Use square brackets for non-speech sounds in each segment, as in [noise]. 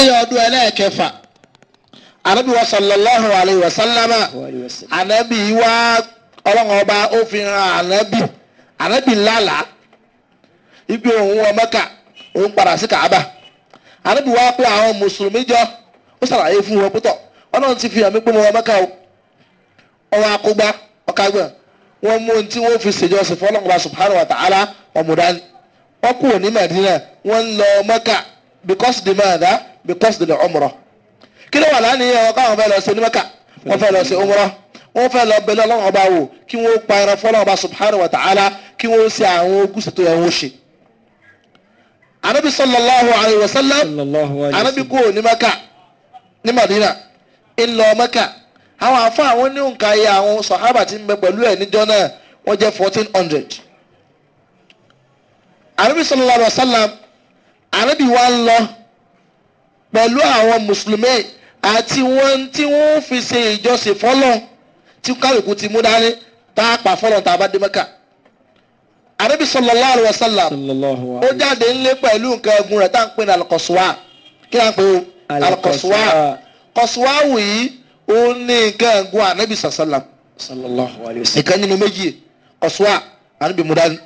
lẹ́yìn ọdún ẹlẹ́ẹ̀kẹfà anabi wa sallallahu alayhi wa sallama anabi wa ọlọ́run ọba ó fi hàn anabi anabi Lala, ibi òun wọ Mẹ́kà òun padà sí Kaaba anabi wa pé àwọn mùsùlùmí jọ ó ṣàlàyé fún wọn pútọ̀ ọlọ́run ti fi hàn mí pé mo wọ Mẹ́kà o ọwọ́ akógbá ọ̀kágbọ̀n mú ohun tí wọ́n fi ṣèjọsìn fún ọlọ́run subhanahu wa ta'ala ọmọdání wọ́n kúrò ní Madina wọ́n ń lọ Mẹ́kà because the man that bí kọ́sìdì lè umrah kí ló wà lánìyàn wọn káwọn fẹ́ lọ sí onímọ̀ká wọn fẹ́ lọ sí umrah wọn fẹ́ lọ bẹ̀lẹ̀ ọlọ́run ọba wò kí wọ́n pa ẹran fọlọ́run ọba subhanahu wa ta'ala kí wọ́n ṣe àwọn ogúnṣe tó yẹ wọ́n ṣe. anabi sallallahu alayhi wa sallam anabi kú ní maka ní madina ńlọ maka àwọn afa àwọn ní òǹkà yẹ àwọn sahaba ti ń bẹ pẹ̀lú ẹ̀ níjọ́ náà wọ́n jẹ́ fourteen hundred. anabi sallallahu alayhi wa sallam anabi wa ń lọ pẹ̀lú àwọn mùsùlùmí àti wọn tí wọ́n fi ṣe ìjọsìn fọ́lọ́n tí kálukú ti mú dání tá a pa fọ́lọ́n tá a bá dé Mẹ́kà. Ànábì sallallahu alaihi wasallam ó jáde ńlé pẹ̀lú nǹkan ẹ̀gún rẹ̀ tá à ń pè ní alikọ̀sùwà kí ni à ń pè ó alikọ̀sùwà kọ̀sùwà wù yìí ó ní nǹkan ẹ̀gún Ànábì sallallahu alaihi wasallam ìkan nínú méjì kọ̀sùwà Ànábì mú dání.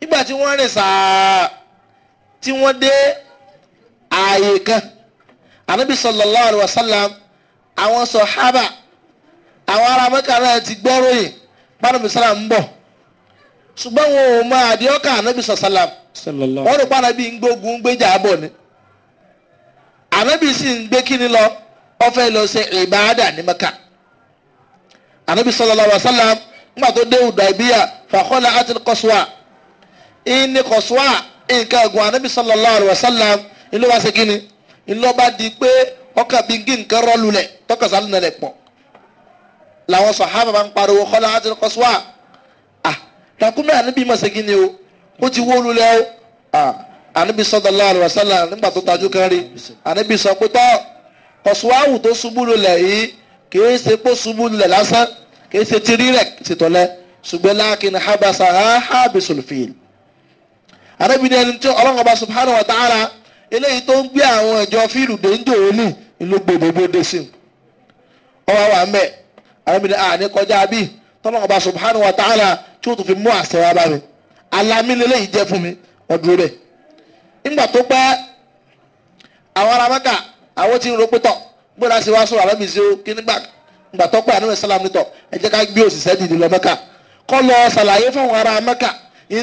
nígbà tí wọ́n rìn sáà tí wọ́n dé ààyè kan ànábì sallallahu alaihi wasallam àwọn sọ̀hábà àwọn ará mẹ́ka náà ti gbọ́ròyìn pánàbì sálà ń bọ̀ ṣùgbọ́n wọn ò mọ àdéhọ́kà ànábì sọ̀sálàm wọ́n rò pánàbì ń gbógun ń gbéjà bọ̀ ni ànábì sì ń gbé kíni lọ ó lọ ṣe ìbáadà ní mẹ́ka ànábì sallallahu alaihi wasallam nígbà tó dé Hudaybiya fàkọ́lá àti kọ́sùwà ìní kọ́sùwà nǹkan ẹ̀gùn ànábì sallallahu alaihi wasallam ni ló bá ṣe kíni ni ló bá di pé ọkàn bíi kí nǹkan rọ́ọ̀lù lẹ̀ tọkàn sálù nà lẹ̀ pọ̀ làwọn sàhábà bá ń pariwo kọ́lá àti kọ́sùwà à takumi ànábì mọ̀ ṣe kíni o ó ti wó lulẹ̀ o à ànábì sallallahu alaihi wasallam nígbà tó tajú kan rí sọ pé tọ́ kọ́sùwà wù tó ṣubú lulẹ̀ yìí kìí ṣe pé ṣubú lulẹ̀ lásán kìí ṣe tirí rẹ̀ ṣètọ́lẹ̀ ṣùgbọ́n láàkín habasa ha ha bisulfil ànábì ni ẹni tí ọlọ́run subhanahu wa ta'ala eléyìí tó ń gbé àwọn ìjọ fílùdé ń dòwó ní ìlú gbòdògbòdò sí i wa àní kọjá bí tọ́lọ́mọ bá subhanahu wa ta'ala fi mú àṣẹ wa bá mi alámi lélẹ́yìí jẹ́ fún mi ọdún rẹ̀ nígbà tó pẹ́ àwọn ará mẹ́ka àwọn tí ń ro pétọ̀ gbọ́dọ̀ sí wa sọ̀rọ̀ sí o kí nígbà nígbà tó pẹ́ àníwẹ̀ sálàm nítọ̀ ẹ jẹ́ ká gbé òṣìṣẹ́ dìde lọ mẹ́ka kọ́ lọ ṣàlàyé fún àwọn ará mẹ́ka yìí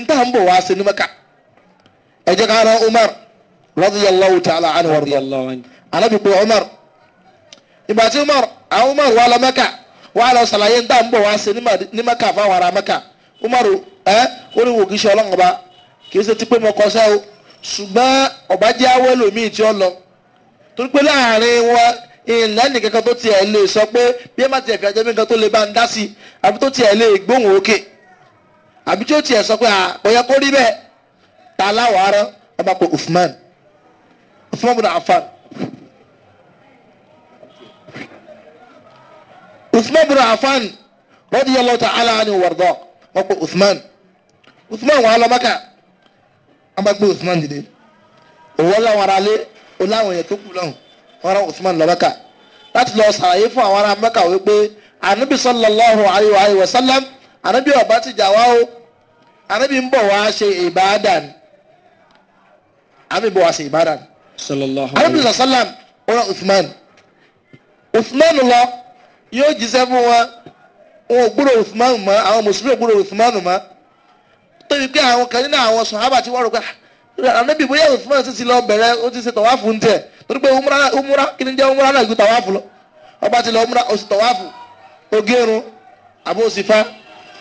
radiyallahu ta'ala anhu radiyallahu anhu anabi pe umar ìgbà tí umar àwọn umar wà lọ mẹ́kà wà lọ sàlàyé ń dá ń bọ̀ wá sí ní mẹ́kà fáwọn ará mẹ́kà umar ẹ ó ní ọba kì í ṣe ti pé mo kọ sẹ́ o ṣùgbọ́n ọba jẹ́ awọ́ ẹlòmíì tí ó lọ torí pé láàrin Usman bin Affan Usman bin Affan radiyallahu ta'ala anhu warda wọ́n pe Usman Usman wà lọ Mẹ́kà wọ́n bá gbé Usman dìde òwò làwọn ará lé oláwọn èèyàn tó kù lọ́hùn wọ́n rán Usman lọ Mẹ́kà láti lọ sàlàyé fún àwọn ará Mẹ́kà wípé anabi sallallahu alayhi wa sallam anabi ọba ti jà wá o anabi ń bọ̀ wá ṣe ìbádàn anabi ń bọ̀ wá ṣe ìbádàn arábìnrin sàlám ó rán Uthman Uthman lọ yóò jíṣẹ́ fún wọn wọn ò gbúrò Uthman mọ́ àwọn mùsùlùmí ò gbúrò Uthman mọ́ tóbi pé àwọn kan nínú àwọn sàhábà tí wọ́n rò pé ah, ànábì bóyá Uthman ti ti lọ bẹ̀rẹ̀ ó ti ṣe tọ̀wáfù ń tẹ̀ torí pé umra kí ni jẹ́ umra náà ju tọ̀wáfù lọ ọba ti lọ umra ó sì tọ̀wáfù ó gẹrun àbó ó sì fa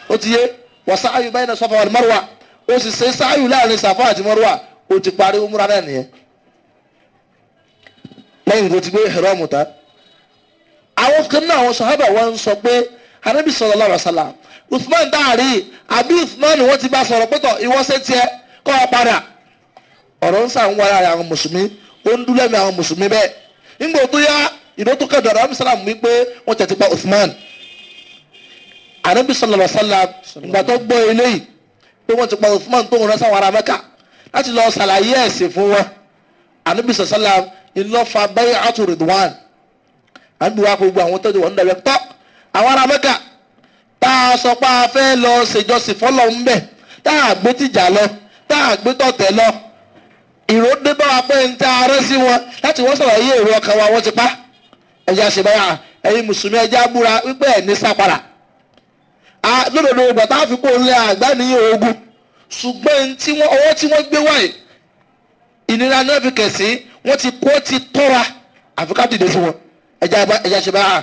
ó ti yé wàsá ayù báyìí náà Safa wal Marwa ó sì ṣe sáyù láàrin Safa àti Marwa ó ti parí umra náà nìyẹn lẹ́yìn tó ti gbé ìhìrọ́mù tán àwọn kan náà àwọn sàhábà wọn ń sọ pé anábì sallallahu alaihi wasallam Uthman dáàrí àbí Uthman wọn ti bá sọ̀rọ̀ pẹ́tọ̀ ìwọ́sẹ̀ tiẹ̀ kọ́ ọ padà ọ̀rọ̀ ń sàn wọ́n ara àwọn mùsùlùmí ó ń dúró ẹ̀mí àwọn mùsùlùmí bẹ́ẹ̀ nígbà tó yá ìdó tó kẹ́dọ̀ anábì sallam wípé wọ́n tẹ̀ ti pa Uthman anábì sallallahu alaihi wasallam ìgbà tó gbọ́ eléyìí pé wọ́n ti pa Uthman tó ń rẹ́ sáwọn ará Mẹ́kà láti lọ sàlàyé ẹ̀sìn fún wọn anábì sallallahu ńlọ́fà bẹ́ẹ̀ àtúrìdùwàn àdúrà gbogbo àwọn tó ti wọ̀ ń dàbẹ̀ tọ́ àwọn ará mẹ́kà tá a sọ pé a fẹ́ lọ ṣèjọsìn fọlọ́ ń bẹ̀ tá a gbé tìjà lọ tá a gbé tọ̀tẹ̀ lọ ìró dé bá wa pé ń tẹ arẹ́ sí wọn láti wọ́n sọ̀rọ̀ yé èrò ọkàn wa wọ́n ti pa ẹ̀jẹ̀ àṣebáyà ẹ̀yin mùsùlùmí ẹ̀jẹ̀ abúra wípé ẹ̀ ní sápàrà lódodo ìgbà tá a fi kó o àgbá níyàn ogun ṣùgbọ́n ọwọ́ tí wọ́n gbé wáyé ìnira náà fi kẹ̀sí wọ́n ti kó ti tó wa àfi ká dìde fún wọn ẹja ṣe báyà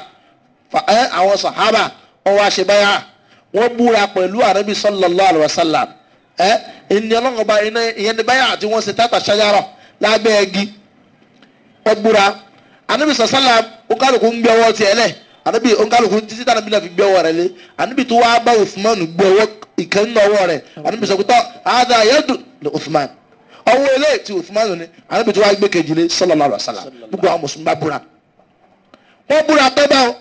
àwọn sàhábà wọ́n wá ṣe báyà wọ́n búra pẹ̀lú ànábì sallallahu alaihi sallam ẹ ẹni ọlọ́run ọba ìyẹn ní báyà tí wọ́n ṣe tata ṣáyàrọ̀ lábẹ́ ẹgi wọ́n búra ànábì sallam oníkálùkù ń gbé ọwọ́ tiẹ̀ lẹ̀ ànábì oníkálùkù títí tí ànábì náà fi gbé ọwọ́ rẹ̀ lé ànábì tó wá bá Uthman gbé ọwọ́ ìkànnì ọwọ́ rẹ̀ ànábì sọ pé tọ́ àdá yẹ́dùn Uthman ọwọ́ ilé tí Uthman ní Ànábì tó gbé kejìlé sallallahu alaihi wasallam gbogbo àwọn mùsùlùmí bá búra wọ́n búra pẹ́ báwọn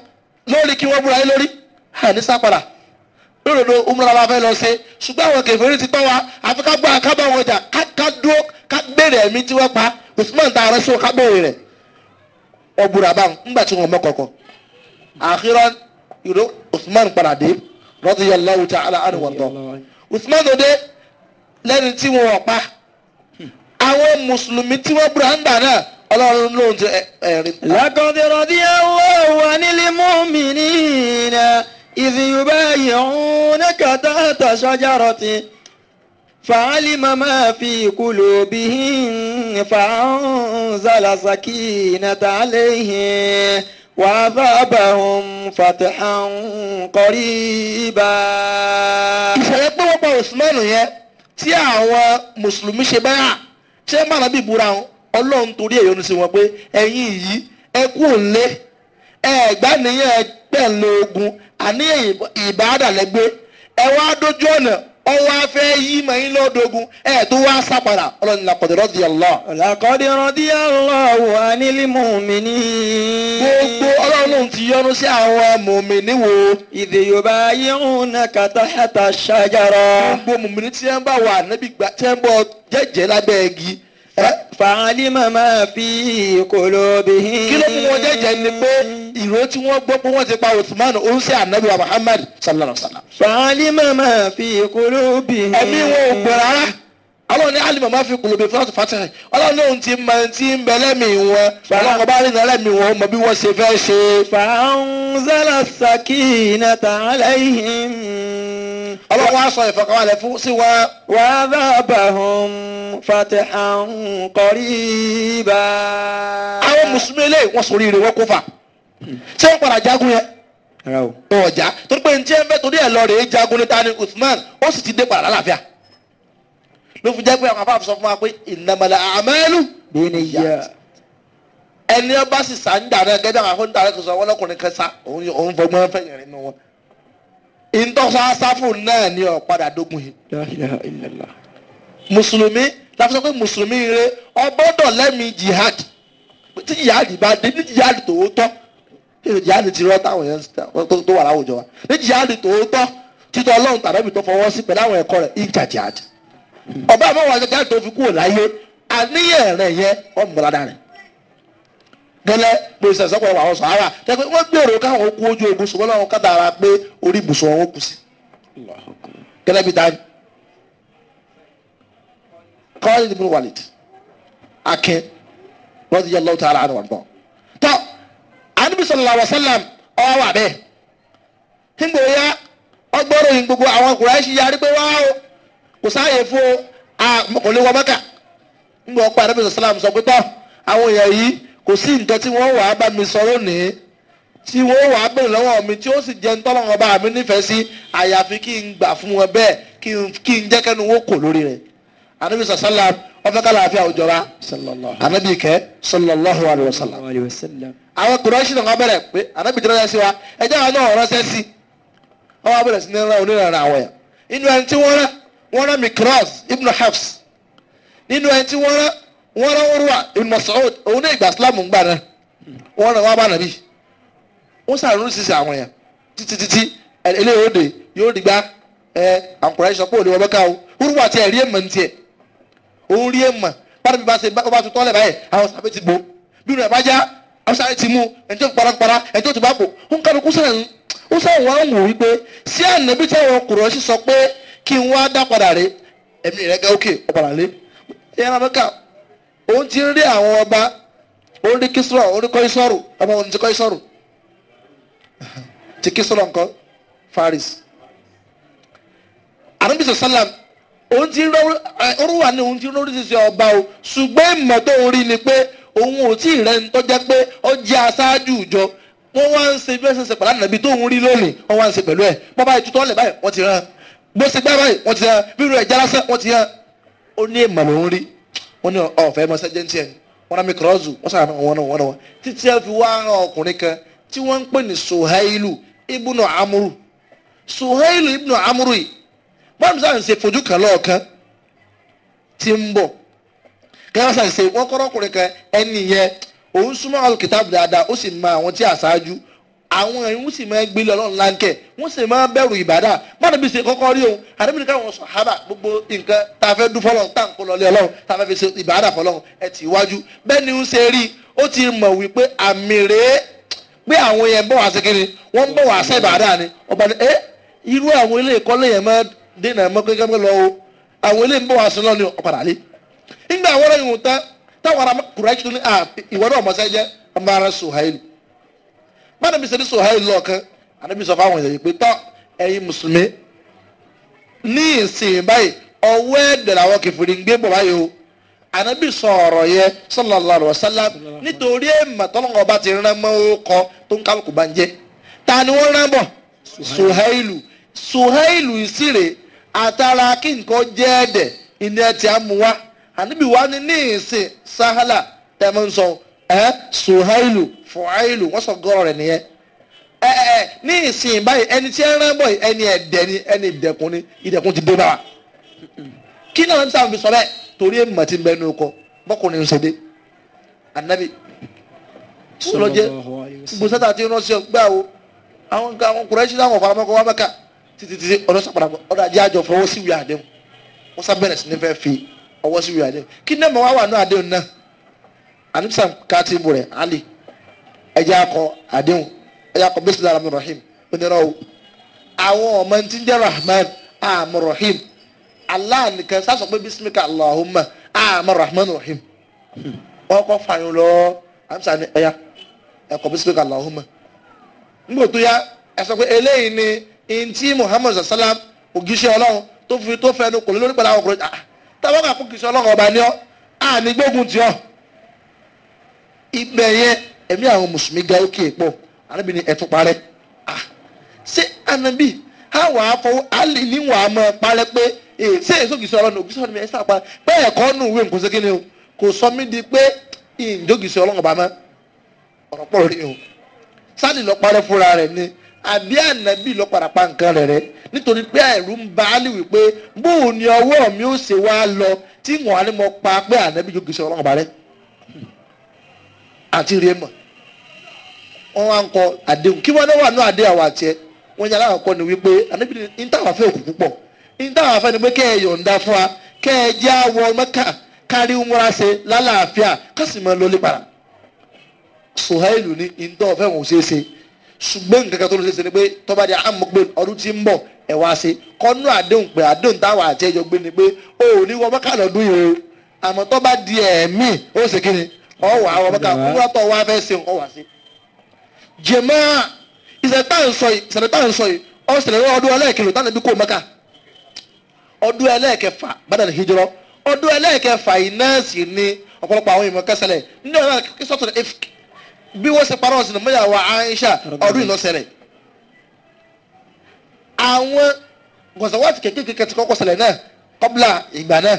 lórí kí wọ́n búra yín lórí umrah fẹ́ lọ ti tọ́ wa àfi ká gbọ́ àkábọ̀ ká dúró ká ẹ̀mí tí wọ́n pa ta ká rẹ̀ wọ́n búra tí wọ́n àkírọ́ àwọn mùsùlùmí tí wọ́n búra ń gbà náà ọlọ́run lóhun ti ẹ̀rín. laqad radiyallahu 'anil mu'minina idh yubayyi'unaka tahta shajaratin fa'alima ma fi qulubihim fa'anzala sakinata 'alayhim wàhábàhùn fàtìhàn kọríba. ìṣẹ̀lẹ̀ pé wọ́n pa Usman yẹn tí àwọn mùsùlùmí ṣe báyà ṣé màrán bí ìbúra wọn ọlọ́run torí ẹ̀ yọ́nú sí wọn pé ẹ̀yin yìí ẹ kú òǹlé ẹ̀gbá nìyẹn pẹ̀lú ogun àní ìbáradà ẹ wá dójú ọ̀nà ọwọ́ afẹ́ yí màyín lọ́dọ̀gún ẹ̀ tó wá sá padà ọlọ́ni làkọ̀dé rọ́dí Allah. làkọ̀dé rọ́dí Allah wà nílí mùmíní. gbogbo ọlọ́run ti yọ́nú sí àwọn mùmíní wo. ìdè yorùbá yíhun náà kàtà hàtà ṣàjàrà. gbogbo mùmíní tí wọ́n bá wà níbi gbà tí wọ́n bọ̀ jẹ́jẹ́ lábẹ́ igi fàálímà máa fi kòló bí. kí ló mú wọn jẹ́jẹ́ ni pé ìró tí wọ́n gbọ́ pé wọ́n ti pa Usman ounṣẹ́ anabi wa Muhammad sallallahu alaihi wa sallam. fàálímà máa fi kòló bí. ẹ̀mí wọn ò gbọ́ rárá ọlọ́run ní alima máa fi kùlùbí fúláàtù fàtẹ́rẹ̀ ọlọ́run ní òun ti mọ ti ń bẹ lẹ́mìí wọn ọlọ́run ọba rìn lẹ́mìí wọn mọ bí wọ́n ṣe fẹ́ ṣe. fàánzálà sakinata alayhim. ọlọ́run wá sọ ìfọkànbalẹ̀ fún sí wa. wà á dábàhùn fatihan qariba. àwọn mùsùlùmí ilé wọn sọ oríire wọn kó fà ṣé wọn padà jagun yẹn wọn torí pé njẹ́ ń bẹ́ torí ẹ̀ lọ rèé jagun ní tani Usman ó sì ti dé padà lálàáfíà ló fi jẹ́ pé àwọn afáàfin sọ fún wa pé ìnàmọ̀lẹ̀ àmẹ́lú bíi ni yíyá ẹni ọba sì sá ń dà náà gẹ́gẹ́ àwọn akóńtà rẹ̀ kò sọ wọn lọ́kùnrin kan sá òun fọgbọ́n fẹ́ yẹn nínú wọn. ìtọ́sá sáfù náà ni ọ̀padà dógún yìí. mùsùlùmí láti pé mùsùlùmí rẹ ọgbọ́dọ̀ lẹ́mìí jihad tí jihad bá dé ní jihad tòótọ́ ní jihad ti rọ́ táwọn yẹn tó wà láwùjọ wa ní jihad tòótọ́ títọ́ ọlọ́run tàbí tó pẹ̀lú àwọn ẹ̀kọ́ rẹ̀ ìjà jihad. ọba àmọ́ wà gẹ́gẹ́ tó fi kúrò láyé àníyàn rẹ̀ yẹ ọmọlára rẹ̀ gẹ́lẹ́ pèsè sọ́kọ̀ wà ọ̀sán ara tẹ́gbẹ́ wọ́n gbèrò káwọn ojú ogun ara pé orí ibùsùn wọn kù sí gẹ́lẹ́ bíi táyì kọ́lá ní ìbúrú wàlìtì akin wọ́n ti yẹ lọ́wọ́ tààrà tọ́ ọwọ́ wà bẹ́ẹ̀ gbogbo àwọn yarí pé o. kò sáàyè a kò lè wọ mọ́kà ń bọ̀ pa arábìnrin sàlám sọ pé tọ́ àwọn èèyàn yìí kò sí nǹkan tí wọ́n wà á bá mi sọ lónìí tí wọ́n wà á bèrè lọ́wọ́ mi tí ó sì jẹ́ ń tọ́lọ́wọ́ bá mi nífẹ̀ẹ́ sí àyàfi kí n gbà fún wọn bẹ́ẹ̀ kí n jẹ́ kẹ́nu wọ́n kò lórí rẹ̀ anabi sàlám ọfẹ kala àfi àwùjọ wa anabi kẹ sallallahu alayhi wa sallam. àwọn kùrọ́ṣì náà wọ́n bẹ̀rẹ̀ pé anabi jẹ́rọ̀ sí wa ẹ̀jẹ̀ àwọn náà ọ̀rọ̀ sẹ́sì ọwọ́ abẹ́rẹ́ sí ní ìrora onírànà àwọ̀ yẹn inú ẹni wọ́n rán Mikraz ibn Hafs nínú ẹni tí wọ́n rán wọ́n rán Urwa ibn Mas'ud òun náà ìgbà Islam ń gbà náà wọ́n rán wá bá nàbí wọ́n sàrún sísè àwọn yẹn títí títí eléyìí ó dé yóò dìgbà ẹ àǹkùrẹ́ sọ pé òde wọ́n bẹ́ ká o Urwa tiẹ̀ rí èèmọ̀ ní tiẹ̀ òun rí èèmọ̀ pàdé mi bá ṣe bá tutọ́ lẹ̀ báyẹn àwọn sàbẹ̀ ti gbó bí rẹ̀ bá já àwọn sàbẹ̀ ti mú ẹni parapara ẹni ti bá kó ó ń kálukú sẹ́yìn ó sẹ́yìn wọn wò wípé sí ànábì táwọn ọkùnrin ọ̀sìn sọ pé kí n wá dá padà rè ẹ̀mí rẹ̀ ga òkè ọ̀padà lé ìyẹn náà lọ́kà òun ti rí àwọn ọba ó rí kísọ̀rọ̀ ó rí kọ́ísọ̀rù ọmọ òun ti kọ́ísọ̀rù ti kísọ̀rọ̀ nǹkan Faris àdúgbò sálàm òun ti rọ orúwà ni òun ti rọ oríṣiríṣi ọba o ṣùgbọ́n ìmọ̀ tó ń rí ni pé òun ò tí ì rẹ́ ní tọ́já pé ó jẹ́ aṣáájú ìjọ wọ́n wá ń ṣe bí wọ́n ṣe ṣe pàdánù nàbí tó ń rí lónìí wọ́n wá ń ṣe pẹ̀lú ẹ̀ bọ́bá ìtútọ́ lẹ̀ báyìí wọ́n ti rán bó ṣe gbá báyìí wọ́n ti yan bírò ẹ̀ jára sẹ́ wọ́n ti yan ó ní èèmọ̀ ló ń rí wọ́n ní ọ̀fẹ́ mọ́ sẹ́jẹ́ ní tiẹ̀ wọ́n náà mi kọ̀rọ̀ zù wọ́n sàrànà wọn náà wọn náà títí ẹ fi wá ran ọkùnrin kan tí wọ́n ń pè ní Suhailu ibùnà amúrù Suhailu ibùnà amúrù yìí bọ́ọ̀mù sáà ń ṣe fojú kan lọ́ọ̀kan ti ń bọ̀ kẹ́hìn sáà ṣe wọ́n kọ́rọ́kùnrin kan ẹni yẹn òun súnmọ́ àwọn ìhun sì máa gbélé ọlọ́run láńkẹ́ wọ́n sì máa bẹ̀rù ìbàdà bọ́dà bí ṣe kọ́kọ́ rí òun àdébìnrin káwọn sàhábà gbogbo nǹkan tá a fẹ́ dún fọlọ́run tá à ń kó lọlé ọlọ́run tá a fẹ́ fi ṣe ìbàdà fọlọ́run ẹ tì í wájú bẹ́ẹ̀ ni ń ṣe rí ó ti mọ̀ wípé àmì rèé pé àwọn yẹn ń bọ̀ wá sékiri wọ́n ń bọ̀ wá sẹ́ ìbàdà ni ọba ni ẹ irú àwọn ilé ìkọ́lé yẹn máa dènà mọ́ kékeré lọ o àwọn ilé ń bọ̀ wá sí lọ́ni ọ̀padà lé nígbà àwọn ọ̀rọ̀ ìwọ̀n tán táwọn ará kùrẹ́kì tó ní ìwọ́dọ̀ ọmọ sẹ́jẹ́ ọmọ ará sùhàìlì Mana bíi sẹ́dísọ̀ ha ìlú ọ̀kan àdébí sọ fáwọn èèyàn yìí pé tọ́ ẹ̀yin mùsùlùmí ní ìsìn báyìí ọwọ́ ẹ̀dẹ̀rẹ̀ àwọn kẹfìrí ń gbé bọ̀ báyìí o ànábì sọ ọ̀rọ̀ yẹn sallallahu alaihi wasallam nítorí èèmọ̀ tọ́lọ́ngọ̀ ọba ti rán mọ́ ọkọ tó ń kálukú bá ń jẹ́ ta ni wọ́n rán bọ̀ suhailu suhailu ìsirè àtàrà kí nǹkan jẹ́ ẹ̀dẹ̀ ìní ẹ̀ tí a wa ànábì wa ni ní ìsìn sahala tẹ̀mọ́ ń ẹ suhailu sọ gọ́rọ̀ rẹ̀ nìyẹn ẹ ẹ ní ìsìn báyìí ẹni tí ẹ rán ẹni ni ẹni ni ti dé bá wa kí náà ń sàmì sọ bẹ́ẹ̀ torí èèmọ̀ ti bẹ nínú anabi sọlọ́jẹ́ gbèsèta ti rán sí gbà wo àwọn nǹkan àwọn kùrẹ́sì láwọn faramọ́kọ wa mẹ́ka títí títí ọ̀dọ́ sàpàdàpọ̀ ọ̀dọ́ ajé àjọ sí àdéhùn sábẹ̀rẹ̀ sí anibisam kaati mu rẹ ali ẹjẹ akọ adéhùn ẹjẹ akọ bisimilahi rahman rahim onírọwò àwọn ọmọ ntí ń rahman ahmad rahim allah nìkan sá sọ pé bisimilka allahumma ahmad rahman rahim wọn hmm. kọ fààyàn lọ anibisam ni ẹyà ẹkọ bisimilka allahumma nígbà tó yá ẹsọ pé eléyìí ni ntí muhammad sallam ògìṣẹ́ ọlọ́run tó fi tó fẹnu kò lórí pẹ̀lú àwọn ọkùnrin ah, tàbí wọn kà kó kìsọ ọlọ́run ọba ni ibẹ̀ yẹn emi àwọn mùsùlùmí ga òkè pọ̀ arábì ni ẹ̀tún parẹ́ ah, ṣé anabi ha wà ali ni ṣé èso o kò sọ mí di pé ìǹdókìsí ọlọ́run ọba mọ́ o sani lọ fúnra ni àbí lọ padà pa nǹkan nítorí pé ń ba Ali wípé bóun ni mi ó ṣe wá lọ tí wọ́n á ní àti rèé mọ̀ wọ́n wá ń kọ àdéhùn kí wọ́n náà wà ní àdé àwọn àti ẹ wọ́n yẹn alákọ̀ọ́kọ́ ni wípé anábìrì ní táwọn afẹ́ òkú púpọ̀ ní táwọn afẹ́ ni pé kẹ́ ẹ yọ̀ǹda fún wa kẹ́ ẹ já wọ Mẹ́kà kárí umra ṣe lálàáfíà kásì máa lọlé para Suhailu ni ní tó ọ̀fẹ́ wọn ò ṣeé ṣe ṣùgbọ́n nǹkan kan tó ló ṣeé ṣe ni pé tọ́ba di amọ̀gbẹ́ ọdún tí ń bọ̀ ẹ̀ wá ṣe kọ́nú àdéhùn pé àdéhùn táwọn àti ẹ̀yọ́ gbé ni pé o wọ Mẹ́kà lọ́dún yìí ọwà àwọn ọmọkà wúrọ̀tọ̀ wà fẹ́ ṣe ọwà sí. jẹ̀mọ́ ìṣẹ̀lẹ̀ tá à ń sọ yìí ìṣẹ̀lẹ̀ tá à ń sọ yìí ọ̀sẹ̀lẹ̀ ọdún ẹlẹ́ẹ̀kẹlò tá nàbí kó mọ́kà ọdún ẹlẹ́ẹ̀kẹfà gbádàn hijrọ ọdún ẹlẹ́ẹ̀kẹfà yìí náà sì ni ọ̀pọ̀lọpọ̀ àwọn ìmọ̀ kẹsẹ̀lẹ̀ nínú ọ̀nà sọ́tún efik bí wọ́n ṣe parọ́ ọ̀sìn mọ́yàwó Aisha ọdún ìlọsẹ̀lẹ̀ àwọn gọ̀sẹ̀wọ́tì kékeré ti kọ́kọ́ ṣẹlẹ̀ náà kọ́bla ìgbà náà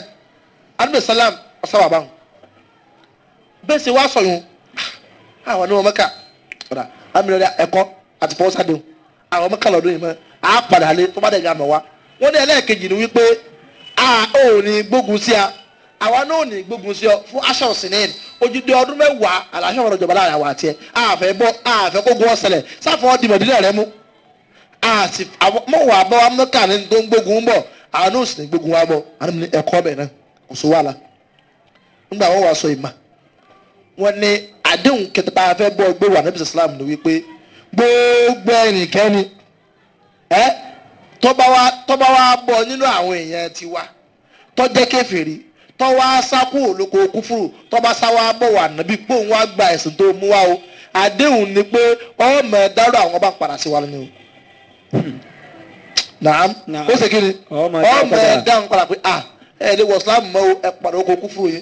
adúlẹ̀ sálám ọ̀sáwàbáhùn bẹ́ẹ̀ sì wá sọ̀rọ̀ ah, àwọn ní wọn mẹ́ka ọ̀dà amílẹ̀ ẹ̀kọ́ àti a ah, yìí a padà lé tó bá dẹ̀ ga mọ̀ wá ni wípé a ò ní gbógun sí a àwa náà ò ní gbógun sí ọ fún aṣọ si ojúde ọdún mẹ́wàá àlàáfíà ọ̀rọ̀ ìjọba láàrin àwọn àti kó gun ọdì rẹ mú ní tó ń gbógun àwọn náà ò sì ní gbógun wa àwọn wọ́n ní àdéhùn kẹtàpá afẹ́ bọ́ gbé wà níbi Islam ni wípé gbogbo ẹnìkẹ́ni ẹ tọ́ba wa tọ́ba wa bọ̀ nínú àwọn èèyàn tiwa tọ́jẹ́ kèfèrí tọ́wọ́ sákú olóko kúfúrú tọ́ba sáwá bọ̀ wà níbi pòun wá gba ẹ̀sìn tó mú wa o àdéhùn ni pé ọmọ ẹ̀dárò àwọn bá padà sí wa ni hmm. naam ó sì kí ni ọmọ ẹ̀dá ń padà pé ah ẹ̀ẹ́dẹ́wọ̀ Islam mọ́ ẹ padà oko kúfúrú yìí.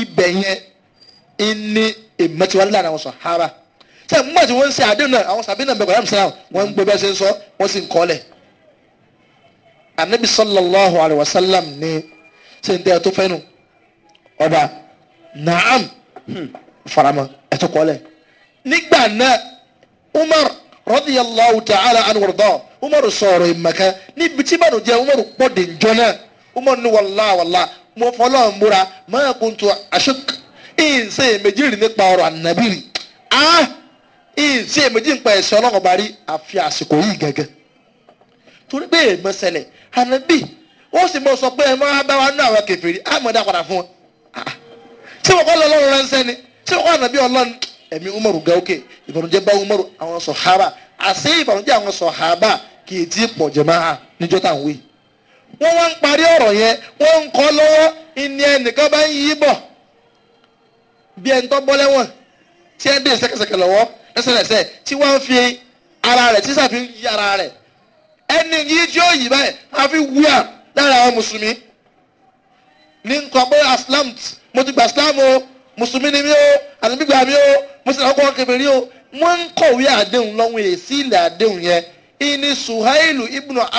ibẹ̀ yẹn ní èmẹ́tí wà láàrin àwọn sàhábà ṣe mú àti wọ́n ń ṣe àdéhùn náà àwọn sàbí náà bẹ̀rẹ̀ àmì sàrà wọ́n ń gbé bẹ́ẹ̀ ṣe ń sọ wọ́n sì ń kọ́lẹ̀. anabi sallallahu alayhi wa sallam ni ṣe ń tẹ́ ẹ tó fẹ́ nu ọba naam hmm, farama ẹ tó kọ́lẹ̀. nígbà náà umar radiyallahu ta'ala anwarda umar sọ̀rọ̀ ìmọ̀ká níbi tí bá nù jẹ́ umar pọ̀ dé náà umar ni wàllá wàllá mo fọlọ́run múra máa kun tu àṣek ìǹsẹ̀ èméjì rì nípa ọ̀rọ̀ ànábì rì á ìǹsẹ̀ èméjì nípa ẹ̀sìn ọlọ́run bá rí àfi àsìkò yìí gẹ́gẹ́ torí pé èèmọ̀ ṣẹlẹ̀ ànábì ó sì mọ̀ sọ pé ẹ máa bá wa ní àwọn kèfèrí á mọ̀ dá padà fún wọn tí wọ́n kọ́ lọ ọlọ́run rẹ̀ ń tí wọ́n kọ́ ànábì ọlọ́run ẹ̀mí umaru ga òkè ìbànújẹ́ bá umaru àwọn sọ̀hábà àṣé ìbànújẹ́ àwọn wọ́n wá ń parí ọ̀rọ̀ yẹn wọ́n ń kọ́ lọ́wọ́ ìní ẹnìkan bá ń bọ̀ bí ẹni tó bọ́ tí ẹ ń lọ́wọ́ lẹ́sẹ̀lẹ́sẹ̀ tí wọ́n fi ara rẹ̀ tí sàfi fi yí ara rẹ̀ ẹni yìí tí ó yí báyìí a fi wú à lára mùsùlùmí ní nǹkan mo ti o mùsùlùmí ni mí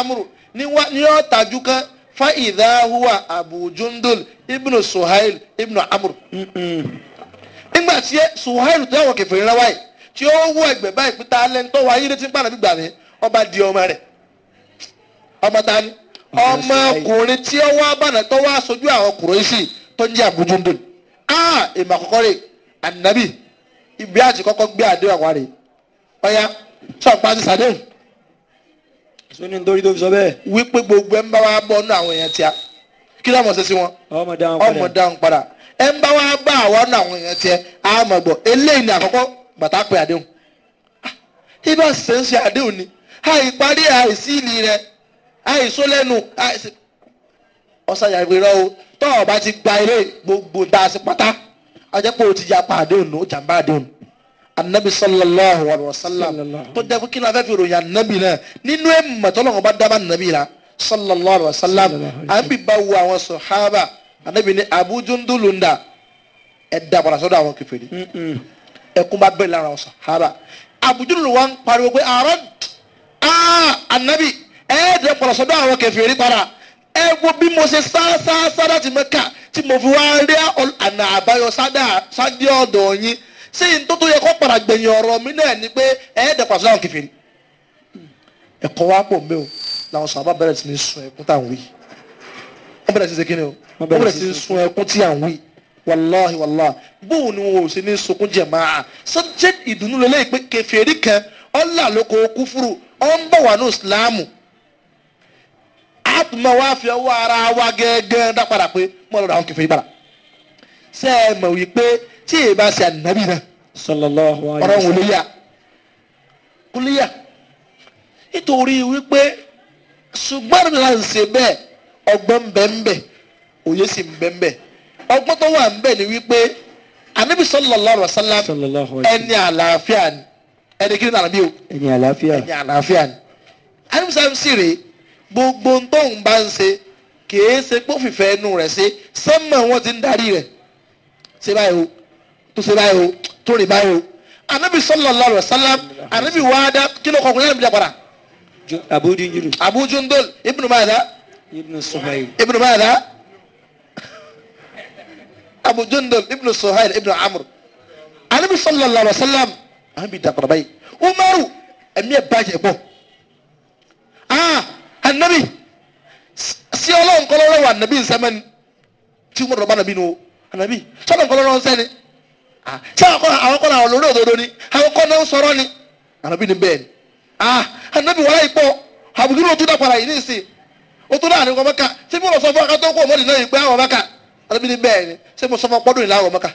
o ní ó tajú kan fa idha huwa abu jundul ibnu suhail ibnu amr nígbà tí e, suhail tó yàwọ̀ kẹfẹ́ ńlá wáyé tí ó wọ ẹgbẹ́ báyìí pété alẹ́ ń ayé létí pàdánù gbà mí ọba di ọmọ rẹ̀ ọmọ ta ni ọmọkùnrin tí ó wá bànà tó wá sojú àwọn ọkùnrin sí tó ń jẹ́ abu jundul ah èmi àkọ́kọ́ rè ànábì ibi àti kọ́kọ́ gbé àdéhùn àwọn rè ọ̀ya sọ̀pá ti sàdéhùn èso ní nítorí tó fi sọ bẹ́ẹ̀. wípé gbogbo ẹ̀ ń bá wa bọ́ nínú àwọn èèyàn tíá kí ló mọ̀ sí sí wọn. ọmọ dáhùn padà ọmọ dáhùn padà ẹ̀ ń bá wa bá àwa àwọn èèyàn tíá a mọ̀ gbọ́ eléyìí ni àkọ́kọ́ bàtà pé àdéhùn. Ah, ibà ṣe ń ṣe àdéhùn ni àìparí àìsí ìlì rẹ àìsó lẹ́nu àìsí. ọ̀sán yàrá ìrọ̀ o tọ́ ọ̀ bá ti gba eré gbogbo tá a pátá ajẹ́pọ̀ ti yapa àdéhùn anabi sallallahu alayhi wa sallam tó jẹ́ pé kí ni a fẹ́ fi ròyìn anabi náà nínú ẹ̀ mọ̀tọ́lọ́wọ́ bá dábàá anabi la sallallahu alayhi wa sallam anabi bá wo àwọn sọ̀hábà anabi ní abu jundulunda ẹ̀ dàbọ̀rọ̀ sọ́dọ̀ àwọn kèfèrí ẹkún bá bẹ̀rẹ̀ lára ọ̀sán hara àbújúlù wa ń pariwo pé àárọ̀ ah, ànábì ẹ̀ẹ́dẹ̀ pọ̀lọ̀ sọ́dọ̀ àwọn kèfèrí para ẹ wo bí mo ṣe sáásáásá láti Mẹ́kà tí mo fi wá rí àná àbáyọ sáájú ọ̀dọ̀ yín ṣé n tó tó yẹ kó padà gbẹ̀yìn ọ̀rọ̀ mi náà ni pé ẹ̀ẹ́dẹ̀pà sí àwọn kẹfìrì ẹ̀kọ́ wa pọ̀ mí o làwọn sábà bẹ̀rẹ̀ sí ní sun ẹkún tá à ń wí wọ́n bẹ̀rẹ̀ sí ṣe kíni o wọ́n bẹ̀rẹ̀ sí ní sun ẹkún tí à ń wí wàláhi wàláhi bóun ni wọn ò sí ní sunkún jẹ̀máà ṣé ìdùnnú lélẹ́yìn pé kẹfìrì kan ọ̀là lóko kúfúrú ọ̀n bọ̀ wà ní ìsìláàmù àtúmọ̀ wá fi ọwọ́ ara wa gẹ́gẹ́ dápadà pé mo lọ́ọ́ tí èyí bá ṣe ànábì náà sallallahu alayhi wa sallam ọ̀rọ̀ wò ló yà kó ló yà nítorí wípé ṣùgbọ́n mi là ń ṣe bẹ́ẹ̀ ọgbọ́n ń bẹ ń bẹ òye sì ń bẹ ń bẹ ọgbọ́n tó wà ń bẹ ni wípé ànábì sallallahu alayhi wa sallam ẹni àlàáfíà ni ẹni kí ni o ẹni àlàáfíà ẹni àlàáfíà ni ànábì sallam sì rèé gbogbo tóun bá ń ṣe kìí ṣe pófìfẹ́ ẹnu rẹ̀ ṣe sánmà wọn ti ń darí rẹ̀ ṣe báyìí o tó ṣe báyìí o tó rìn báyìí o anabi sallallahu alayhi wa sallam anabi waada kilo kọkùnrin anabi dàgbàrà. abu jundul. abu jundul ibnu maada. ibnu suhail. ibnu maada. abu jundul ibnu suhail ibnu amr anabi sallallahu alayhi wa sallam anabi dàgbàrà báyìí umaru ẹ̀mí ẹ̀ bàjẹ́ bọ̀ ah anabi sí ọlọ́run kọ́lọ́rọ́ wà anabi nsẹ́mẹ́ni tí umaru rọ̀ anabi nù anabi sọ́dọ̀ nkọ́lọ́rọ́ nsẹ́ni ṣé àwọn kọ́ làwọn lórí òdodo ni àwọn kọ́ náà ń sọ̀rọ̀ ni ànábì ni bẹ́ẹ̀ ni ah, ànábì wàhálà ìpọ̀ àbùdúró tó dàpàrà yìí nìsín ó tó dáhà ní wọn mẹ́ka ṣé mo lọ sọ fún akátó kó ọmọdé náà yìí pé àwọn mẹ́ka ànábì ni bẹ́ẹ̀ ni ṣé mo sọ fún ọpọ́dún ìlà àwọn mẹ́ka.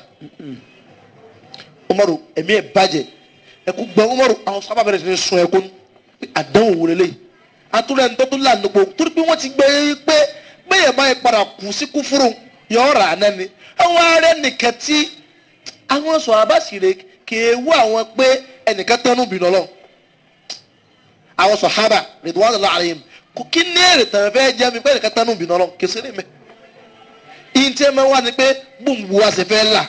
Umaru ẹ̀mí ẹ̀ bàjẹ́ ẹ̀kú gbọ́n Umaru àwọn sábà bẹ̀rẹ̀ sí ní sun ẹ̀kún àdánwò wọlé lẹ́yìn atúrẹ́ ń tọ́tún lànàgbò torí pé wọ́n ti gbé e pé gbéyàmá ẹ̀ àwọn sọ abáṣire kèé wú àwọn pé ẹnìkan tẹnu bì lọ́lọ́ àwọn sọ hábà rìdíwọ́n lọ́la àlẹ́ yìí kí ní èrè tàn fẹ́ jẹ́ mi pé ẹnìkan tẹnu bì lọ́lọ́ kèsìrè mẹ́ ìyìn tí ẹ máa wá ni pé gbòǹgbò wa sì fẹ́ là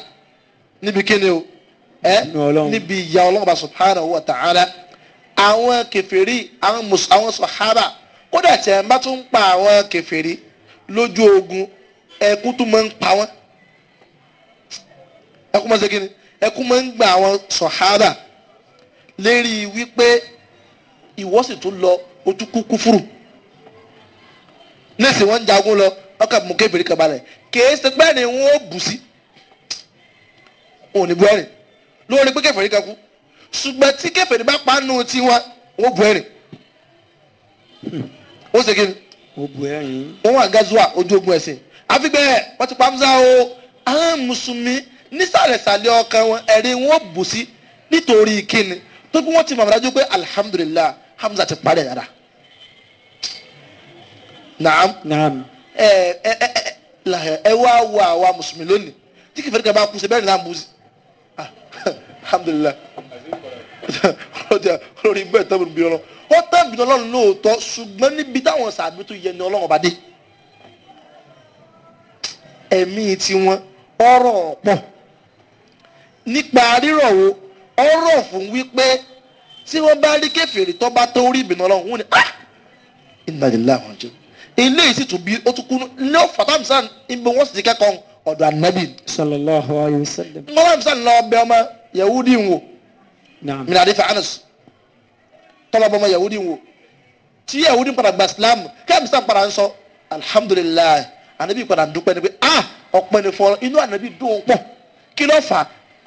níbi kíni o ẹ níbi ìyá ọlọ́ọ̀bà subhanahu wa ta'ala àwọn kèfèrí àwọn sọ̀hábà kódà tí ẹ bá tún pa àwọn kèfèrí lójú ogun ẹkún tún máa ń pa wọ́n ẹkún máa ń ṣe kíni ẹkún máa ń gba àwọn sọ̀hárà lérí wípé ìwọ sì tún lọ ojú kúkú fúrù nẹ́ẹ̀sì wọn ń jagun lọ ọkà mú kébìrì kan balẹ̀ kèé ṣe pé ẹni wọn ò bù sí òní bu ẹ̀rìn lórí pé kèfèrí kan kú ṣùgbọ́n tí kèfèrí bá pa nù tiwọn wọn bu ẹ̀rìn ó ṣe kíni wọn wà gazuwa ojú ogun ẹ̀sìn àfi bẹ́ẹ̀ wọ́n ti pa o àwọn mùsùlùmí nísàlẹ̀sàlẹ̀ ọkàn wọn ẹ̀rí wọn bù sí nítorí kíni tó bí wọ́n ti mọ̀ dájú pé alihamudulilayi Hamza ti parí ẹ̀yára. naam naam ẹ ẹ ẹ ẹ wá wo àwa mùsùlùmí lónìí tí kìfẹ́ nígbà bá kú sí bẹ́ẹ̀ ni náà mú sí ah, [laughs] alihamudulilayi olórí [laughs] bẹ́ẹ̀ tẹ́ mi bí ọlọ́ ó tẹ́ mi ọlọ́run lóòótọ́ ṣùgbọ́n níbi táwọn sàbí tó yẹ ni ọlọ́run bá dé ẹ̀mí tiwọn ọ̀rọ̀ pọ̀ nípa rírọ̀ wo ọ rọ̀ fún wípé tí wọ́n bá rí kèfèrí tó bá tó rí ìbìnà ọlọ́run wọ́n ah iná lè láwọn ilé yìí sì tún bí ó tún kú ní ọ̀fà tamsan ibi wọ́n sì ti kẹ́kọ̀ọ́ ọ̀dọ̀ ànábì. sallallahu alayhi wa sallam. mo tamsan lọ bẹ ọmọ yahudi wo minadi fahanas tọ́lọ̀ bọ ọmọ yahudi wo tí yahudi padà gba islam kẹ́mísà padà ń sọ alhamdulilayi ànábì padà dúpẹ́ ni pé ah ọ̀pẹ́ ni fọlọ́ inú ànábì dùn pọ̀ kí ló fà á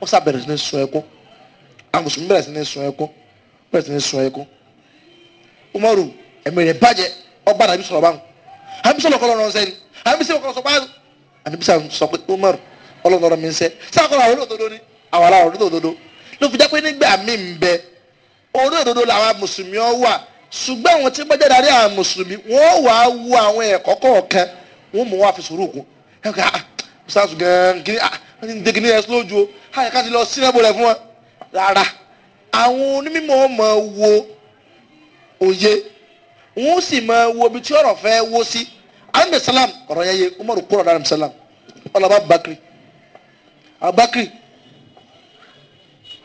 wọ́n sá bẹ̀rẹ̀ sí ní sun ẹkún àwọn bẹ̀rẹ̀ sí ní sun ẹkún bẹ̀rẹ̀ sí ní sun ẹkún umaru ẹ̀mí rẹ̀ bàjẹ́ ọba nàbí sọ̀rọ̀ báwọn àbí sọ̀rọ̀ kọ́lọ́ ọ̀rọ̀ sẹ́ni àbí sọ̀rọ̀ kọ́lọ́ sọ̀pá àbí sọ pé umaru ọlọ́ọ̀rọ̀ mi ń sẹ́ sáàkọ́lọ́ àwọn olódodo ni àwọn aláwọ̀ olódodo ló fi jẹ́ pé nígbà mí ń bẹ olódodo làwọn mùsùlùmí ọ wà ṣùgbọ́n àwọn tí wọ́n jẹ́ darí àwọn mùsùlùmí wọ́n wà á wo àwọn ẹ̀kọ́ kọ̀ọ̀kan wọ́n ti ń degi ní ẹ̀ slow ju o àyè ká ti lọ sínẹ́bù rẹ̀ fún wọn rárá àwọn onímọ̀ mọ̀ wo òye wọ́n sì mọ̀ wo ibi tí ọ̀rọ̀ fẹ́ wó sí alẹ́ sálàm ọ̀rọ̀ yẹn yé umaru kúrò dára "Salam," ọlọ́ba bakri abakri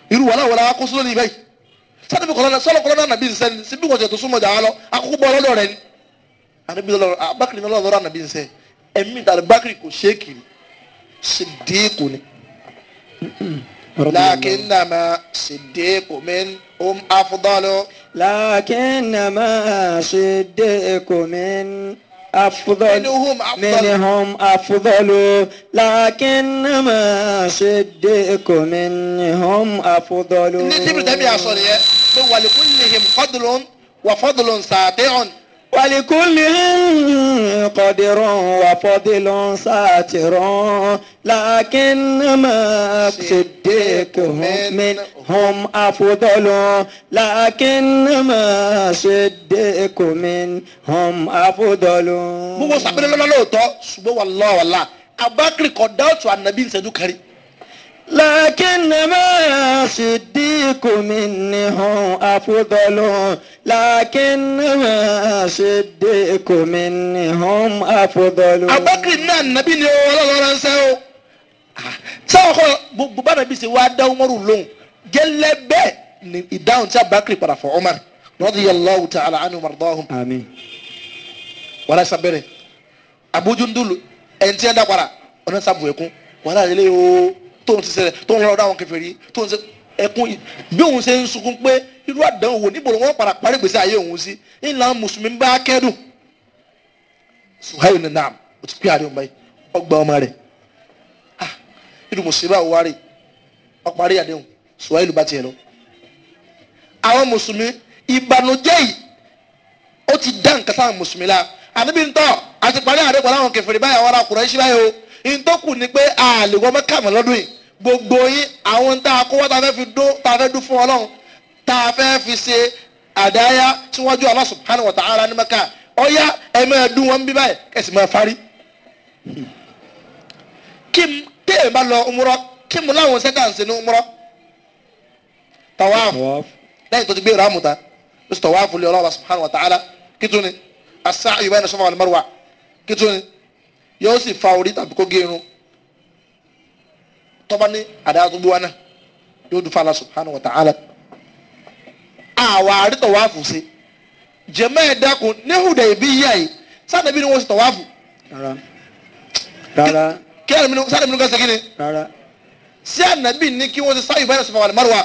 irú wàhálà wàhálà akóso lónìí báyìí sani bi kọlọnà sọlọ kọlọnà nàbí nsẹ ni síbi kò tẹ tó súnmọ́ jàá lọ akókó bọ ọlọdọ rẹ ni àbákiri ní ọlọdọ nàbí nsẹ ẹmí tàbí bákiri kò ṣe é kiri sidiku ni lakinnama sidiku min um afdalu. lakinnama sidiku min afdalu minhum afdalu lakinnama sidiku minhum afdalu. ní tíbi tẹ́bi àsọ̀rọ̀ yẹ pé wàlíkùn nìyẹn fọdùlùn wà fọdùlùn sàbẹ̀ọ̀n. ولكل قدر وفضل ساتر لكن ما صديقهم منهم أفضل لكن ما صديق منهم أفضل mo wo sàpẹ́lẹ́ lọ́lọ́lọ́tọ́ ṣùgbọ́n wàlá wàlá abakiri kọ̀dá ọ̀tún ànábì ìṣẹ́jú kárí. لكن ما صديق منهم أفضل لكن ما صديق منهم أفضل أبكر náà nàbí ni ọlọ́run ránṣẹ́ o sáwọn kọ́ gbogbo bá nàbí ṣe wá dá Umaru lóhùn gẹ́lẹ́ bẹ́ẹ̀ ni ìdáhùn tí Abubakar padà fọ Umar radiyallahu ta'ala anhu mardahum. àmín. wàlá sábẹ́rẹ̀ Abu Jundul ẹ̀ ń tiẹ́ dàpara ọ̀nà sábùwẹ̀kún wàlá tóun ti ṣẹlẹ̀ tóun lọ rọra àwọn kèfèrí tóun ti ẹkún bí òun ṣe ń sunkún pé irú àdánwò wo níbo wọn padà parí gbèsè ayé òun sí ńlá mùsùlùmí bá kẹ́dùn Suhail ní naam o ti pín àárẹ̀ ọmọ yìí ọgbà ọmọ rẹ̀ ah irú mùsùlùmí àwọn wárẹ̀ ọparí àdéhùn Suhail bá tiẹ̀ lọ. àwọn mùsùlùmí ìbànújẹ́ yìí ó ti dá nǹkan sáà mùsùlùmí la àníbi ń tọ́ àti parí àdéhùn àwọn kèfèrí báyà wàrà Kùráíṣì báyà ìtọ́kù ni pé a lè wọ mẹ́kà mọ́ lọ́dún yìí gbogbo yín àwọn tá a kó wá tá a fẹ́ fi dó tá a fẹ́ dún fún ọlọ́run tá a fẹ́ fi ṣe àdáyá síwájú Allah subhanahu wa ta'ala ní mẹ́kà ọ̀yá ẹ máa dún wọn bí báyìí kẹ̀sì máa fárí. kí n téè bá lọ umrọ kí n láwọn sẹ́kà ń ṣe ní umrọ tawaf lẹ́yìn tó ti gbé ìràmù ta ló sì tawafu lé Allah subhanahu wa ta'ala kí tún ni as-sa'yu bayna safa marwa kí yóò sì fa orí tàbí kó gé irun tọ́ba ní àdáyà tó gbé wá náà yóò dún fàlà subhanahu wa ta'ala àwa àrí tọ̀wáàfù sí jẹ̀mọ́ ẹ̀ dákun ní ìbí yíyá yìí sànàbí ni wọ́n sì tọ̀wáàfù. rárá kí ẹ̀rọ sànàbí ni wọ́n sì kíni. rárá sí ànàbí ni kí wọ́n ti sáyé ìbáyọ̀ sọ̀fà wàlẹ̀ márùwà.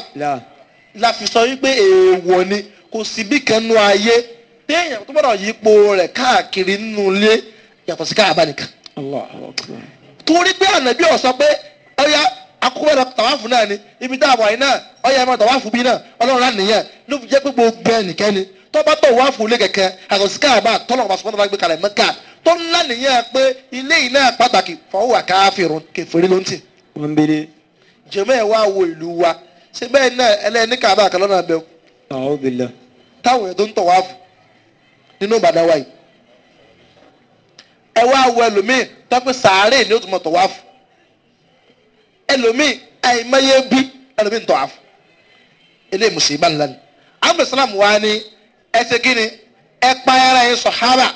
la fi sọ wípé èèwọ̀ ni kò sí bí kẹnu ayé téèyàn tó gbọ́dọ̀ yípo rẹ̀ káàkiri nínú ilé yàtọ̀ sí káàbá nìkan torí pé ànàbí ọ̀sán pé ọ̀yà akọ́kọ́ ẹ̀rọ tàwáfù náà ni ibi tá a wà yìí náà ọ̀yà ẹ̀rọ tàwáfù bí náà ọlọ́run náà nìyẹn ló fi jẹ́ pé gbogbo ẹnìkẹ́ni tọ́ba tó wá fún ilé kẹ̀kẹ́ àgọ́sí káàbà tọ́lọ́mọba sọ́mọ́tò bá gbé kalẹ̀ mẹ́ka tó ńlá nìyẹn pé ilé yìí náà pàtàkì fọwọ́ wà káfíìrún kẹfẹ́rí ló ń tì. wọ́n bèrè. jẹ́mọ́ ẹ̀ wá wo ìlú wa ṣé bẹ́ẹ̀ náà ẹlẹ́ni káàbà kan lọ́nà ẹ wá wọ ẹlòmíì tọ́pẹ́ sàárè ni ó tún mọ tọ̀ wá fún ẹlòmíì àìmọye bí ẹlòmíì ń tọ̀ wá fún eléyìí mùsùlùmí ńlá ni àwọn islam wa ni ẹ ṣe kí ni ẹ pa ara yín sàhábà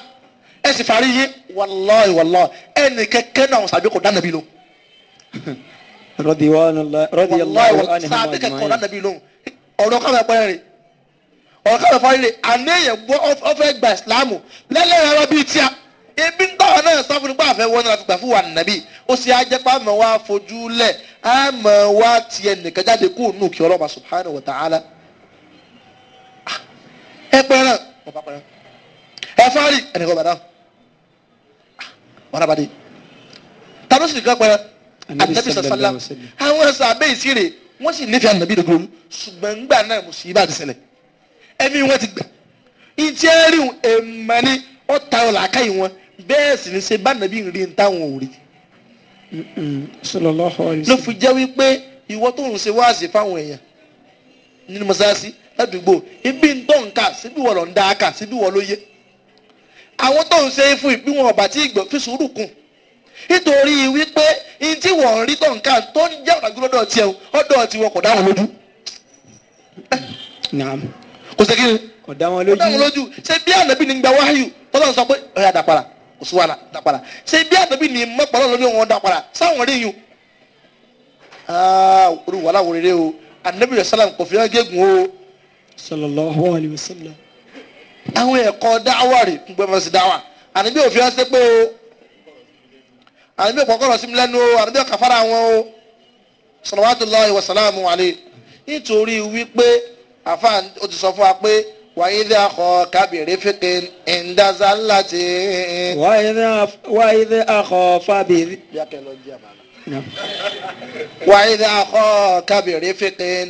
ẹ sì fari yín wallahi wallahi ẹnì kẹkẹ náà sàbí kò dáná bí lò. radiyallahu anhu sàbí kẹkẹ kò dáná bí ọ̀rọ̀ káwọn ọ̀rọ̀ káwọn àníyàn gbọ́ ọ gba ìsìlámù lẹ́lẹ́rìí ara bíi tíya ebi ń táwọn náà sọ fún un pé àfẹ́wọ́ náà ti gbà fún wa nàbí ó sì á jẹ́ pé àmọ́ wa fojú lẹ̀ àmọ́ wa tiẹ̀ nìkan jáde kó nù kí ọlọ́ba subhanahu wa ta'ala ah, ẹ pẹ́ràn ọba pẹ́ràn ẹ fárì ẹnìkan bàdá wọn náà bá ah, dé tàbí sì nìkan pẹ́ràn ànábì sàlá àwọn sàbẹ̀ ìsírè wọ́n sì nífẹ̀ẹ́ ànábì dòdòdò ṣùgbọ́n ńgbà náà mùsíbà ti ṣẹlẹ̀ ẹ̀mí ọ̀tá ọ̀làkà yìí wọn bẹ́ẹ̀ sì ni ṣe bá nàbí rí táwọn ò rí. ló fi jẹ́ wípé ìwọ tó ń ṣe wáàsí fáwọn èèyàn nínú mọ́ṣáláṣí ládùúgbò ibi ń tó nǹka síbí wọ́n lọ ń da aka síbí wọ́n ló yé àwọn tó ń ṣe é fún ìpín wọn ọ̀bà tí ìgbọ̀n fi sùúrù kù nítorí wípé ní tí wọ́n ń rí tó nǹka tó ń jẹ́ ọ̀nàgbé lọ́dọ̀ tiẹ̀ ọ̀dọ̀ tiwọn kò dá wọn lójú. kò sẹ́kí ni kò dá wọn lójú ṣé bí ànábì kò sí wàhálà dá padà ṣé bí àtàbí ni mọ́pàá lọ́dún wọn dá padà sáwọn rí yun. orí wàhálà wò o anabi rẹ sálàm kò fi hàn gégùn o. sallallahu alayhi wa sallam. àwọn ẹ̀kọ́ dáwà rè ń gbẹ́mọ̀ sí dáwà ànàbí ò fi hàn sí pé o ànàbí ò sí mi lẹ́nu o ànàbí ò wọn o salawatullahi wa salamu alayhi nítorí wípé àfa ó ti sọ fún wa pé. وإذا أخاك برفق عند زلته وإذا وإذا أخاف بذ وإذا أخاك برفق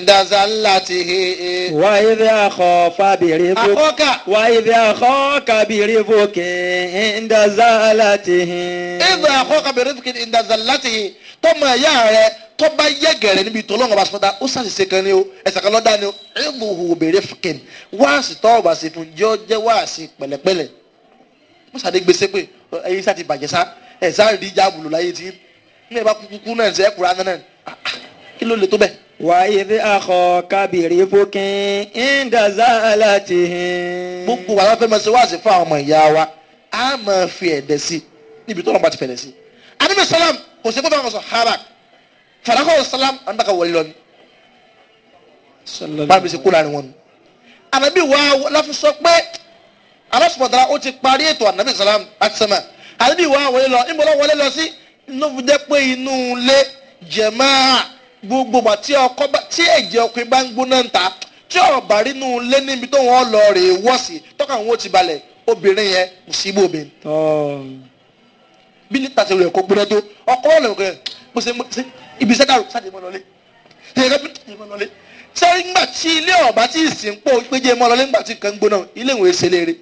ndazalatihi. wa ibi akọ fabiri fo. akọka. wa ibi akọ kabiri fo ke ndazalatihi. ibi akọ kabiri fo ke ndazalatihi tọmọ ẹyà rẹ tọba yẹgẹrẹ níbi tọlọ́run ọba sọdá ó ṣàṣìṣe kan ni o ẹsẹ kan lọdá ni o ibi hu obìnrin fúkìn wáàsì tọ ọba sì tún jẹ jẹ wáàsì pẹ̀lẹ́pẹ̀lẹ́ mọsàdé gbèsè pé ẹyin ti bàjẹ́ sá ẹ sá rí ìjà àbùlù láyé tí ní ẹ bá kúkú náà ṣe kí ló lè tó bẹ́ẹ̀. وإذ أخاك برفق عند زالتهم. gbogbo wa fẹ́ máa ṣe wáàsí fún àwọn ọmọ ìyá wa a máa fi ẹ̀dẹ̀ sí níbi tó lọ́n bá ti fẹ̀lẹ̀ sí. anabi salam kò sí kófẹ́ ọ̀sán hara fàdákọ̀ salam anadaka wọlé lọ ni. báyìí ṣe kó láàrin wọn. anabi wa láfi sọ pé alásùmọ̀tara ó ti parí ètò anabi salam àti sẹ́mà anabi wa wọlé lọ ìmọ̀lá wọlé lọ sí inú fi jẹ́ pé inú ilé jẹ̀máà gbogbo wa tí ọkọ tí ẹ̀jẹ̀ ọkùnrin bá ń gbóná ń ta tí ọ̀rọ̀ bá rí nù lé níbi tó wọ́n lọ rè wọ́ sí tọ́ka àwọn ó ti balẹ̀ obìnrin yẹn kò sí ibò mi. bí níta ti rẹ̀ kó gbóná tó ọkọ wọn lè kọ́ ẹ̀ mo ṣe ibi iṣẹ́ dàrú sáde mọ́ lọlé ẹ̀rọ bí sáde mọ́ lọlé ṣé ńgbà tí ilé ọ̀bá tí ìsìn pò péjé mọ́ lọlé ńgbà tí nǹkan gbóná ilé ìwé ṣe léere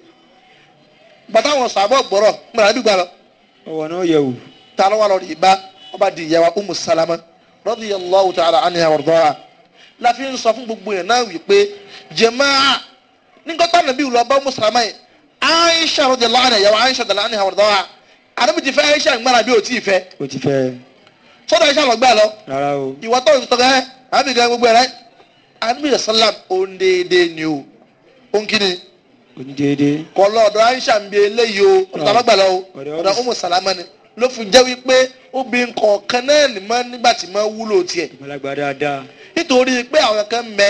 bàtà àwọn sàbọ̀ gbọ́rọ̀ ńgbà ládùúgbà lọ. ọ̀wọ̀ náà yẹ wò. ta ló wà lọ rí ibà ọba di ìyàwó Umu Salama radiyallahu ta'ala anha warḍaha la fi ń sọ fún gbogbo yẹn náà wípé jẹ̀máà nígbà tó ànàbí ìlú ọba mùsàlámà yìí Aisha radiyallahu anha yàwó Aisha radiyallahu anha warḍaha àdébí ti fẹ́ Aisha ìgbàlá bí o ti fẹ́. o ti fẹ́. sọ́dọ̀ Aisha lọ gbà lọ. rárá o. ìwà tó ń tọ́ka ẹ́ àbí gan gbogbo ẹ̀ rẹ̀ àdébí sàlám òun déédéé ni o òun kí ló fi jẹ́ wípé obìnrin kọ̀ọ̀kan náà ní mọ́ nígbà tí mọ́ wúlò tiẹ̀. nítorí pé àwọn kan mẹ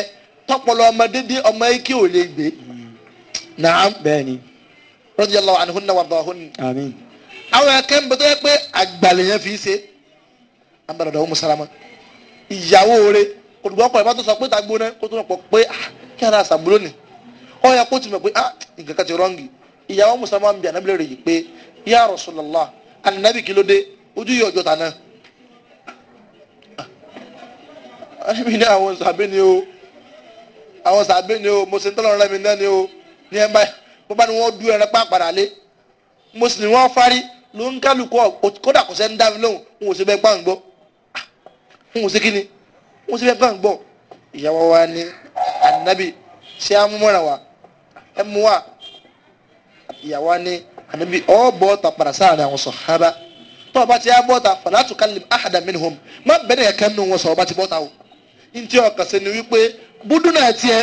tọpọlọ ọmọ dídí ọmọ ike ò lè gbé. Hmm. naam bẹ́ẹ̀ni. radiyallahu anhunna wa ardahunna. àmín. àwọn kan bẹ tó yẹ pé àgbàlẹ yẹn fi ṣe abẹ́rẹ́dọ̀ ọmọ sálámà ìyàwó rẹ olùgbọ́kọ̀ ìbá tó sọ pé ta gbóná kó tó pọ̀ pé ah, kí ara àṣàbúrò ni ọ yẹ kó tì mọ̀ pé ah, nǹkan kan ti rọ́ǹgì ìyàwó mùsàlámà ń bẹ ya Rasulullah ànábì kí ló dé ojú yìí ọjọ́ tàná ah, ànábì ní àwọn sàbẹ̀ ni o àwọn sàbẹ̀ ni o mo ṣe ń tọ́lọ́run mi náà ni o ní ẹ̀ báyìí bó bá ní wọ́n du ẹran pàpàrà lé mo sì ní wọ́n fárí ló ń kálukọ́ kódà kò sẹ́ ń dá mi lóhùn n ò sí bẹ́ẹ̀ pàǹ gbọ́ ah, n ò sí kíni n ò sí bẹ́ẹ̀ pàǹ gbọ́ ìyàwó wa ni ànábì ṣé amúmọ́ràn wa ẹ mú wa ìyàwó wa ni ànábì ọ bọ́ta padà sáàrin àwọn sọ̀hábà tó o bá ti yá bọ́ta fala tukallim ahada minhum má bẹ́ẹ̀ kẹ́kẹ́ nínú wọn sọ o bá ti bọ́ta o ntí ọkàn sẹ́ni wípé búdú náà tiẹ̀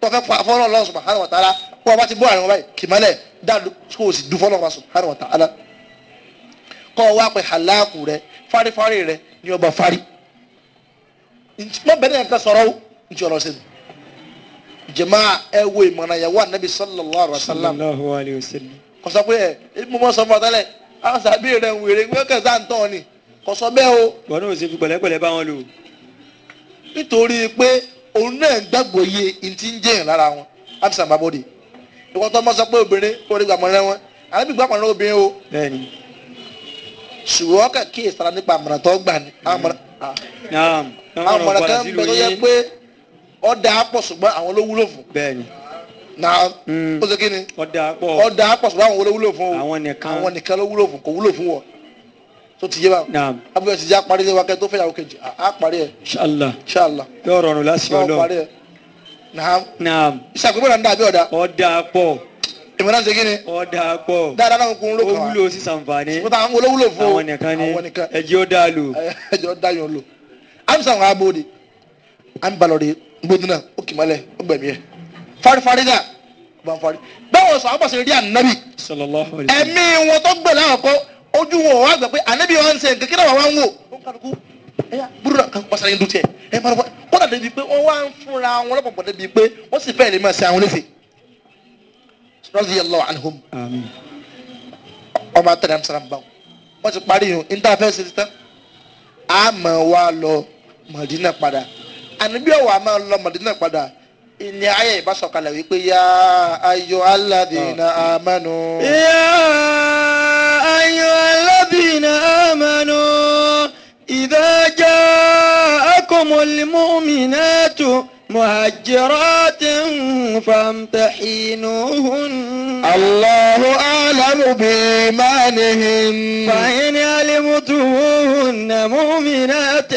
tọ́kẹ́ fọ́nrán Allah subhanahu wa ta'ala kó o bá ti bọ́ àrùn báyìí kìmọ́lẹ̀ dáàdú kó o sì dún fọ́nrán subhanahu wa ta'ala kọ́ ọ wá pé halaku rẹ fárífárí rẹ ni ọba fárí má bẹ́ẹ̀ kẹ́kẹ́ sọ̀rọ̀ o ntí ọ̀rọ̀ sẹ́ni jàmáà ẹ wo ìmọ̀ràn yẹn wà Nabi sallallahu alaihi wasallam kò sọ pé ẹ eh, mo mọ sọ fún ọ tẹ́lẹ̀ àwọn sàbí rẹ ń wèrè wọn kàn sá ń tán ni kò sọ bẹ́ẹ̀ o. wọn náà ṣe fi pẹ̀lẹ́pẹ̀lẹ́ bá wọn lò. nítorí pé òun náà ń gbàgbọ́ iye ìtí ń jẹ́yìn lára wọn láti sàmàbọ̀dì ìwọ́n tó mọ́ sọ pé obìnrin kó lè gbàmọ́ rẹ wọn gbàmọ́ rẹ obìnrin o. bẹ́ẹ̀ni. ṣùgbọ́n kà kí ìsara nípa àmọ̀ràn gbà ní. Hmm. àmọ̀ràn kan bẹ tó yẹ pé ọ̀dà pọ̀ ṣùgbọ́n àwọn ló wúlò fún. bẹ́ẹ̀ni na hmm. ó ṣe kí ni ọ̀dà pọ̀ ọ̀dà pọ̀ ṣùgbọ́n àwọn wo ló wúlò fún o àwọn nìkan àwọn nìkan ló wúlò fún kò wúlò fún wọn tó ti yé wa abúlé ti jẹ́ apárí ní wákẹ́ tó fẹ́ yàwó kejì á parí ẹ̀ ṣàlà ṣàlà yóò rọrùn lásìkò lọ naam ìṣàkóso náà ń dàbí ọ̀dà ọ̀dà pọ̀ ìmọ̀lá ṣe kí ni ọ̀dà pọ̀ dáadáa náà kún un ló kàn wá ó wúlò sí sàǹfààní àwọn olówúlò fún àwọn nìkan ni ẹjẹ́ ó dáa lò [laughs] ẹjẹ́ ó dáa yàn lò àmì sàwọn abóde àmì balọ̀ de gbódúnà ó kì mọ́lẹ̀ ó gbẹ̀mí ẹ̀ farifari náà bá fari báwo sọ àbọ̀ sí rí ànábì ẹ̀mí wọn tó gbẹ̀ láwọn kọ́ ojú wọn wá gbà pé ànábì wọn ń ṣe nǹkan kí náà wọn wò ó ń kálukú ẹ̀yà burú náà kan pàṣẹ ìdúté ẹ̀ máa lọ́wọ́ kódà débi pé wọ́n wá ń fúnra wọn lọ́pọ̀pọ̀ débi pé wọ́n sì fẹ́ẹ̀ lè máa ṣe àwọn léṣe anhum ọmọ atẹ̀lẹ́ amúsàlámù báwọn wọ́n ti parí yòó intanfẹ́ ṣe ti àmọ́ wa lọ Mọ̀dínà padà ànábì ọ̀wọ́ àmọ́ lọ Mọ̀dínà padà ilé ayé ìbásọ̀kalẹ̀ wípé yá ayọ̀ aládìínà àmánú. yá ayọ̀ aládìínà àmánú ìdájá akọ̀mọ̀lẹ́mọ́mìnà tó. مهجرات فامتحينوهن الله أعلم بإيمانهن فإن علمتوهن مؤمنات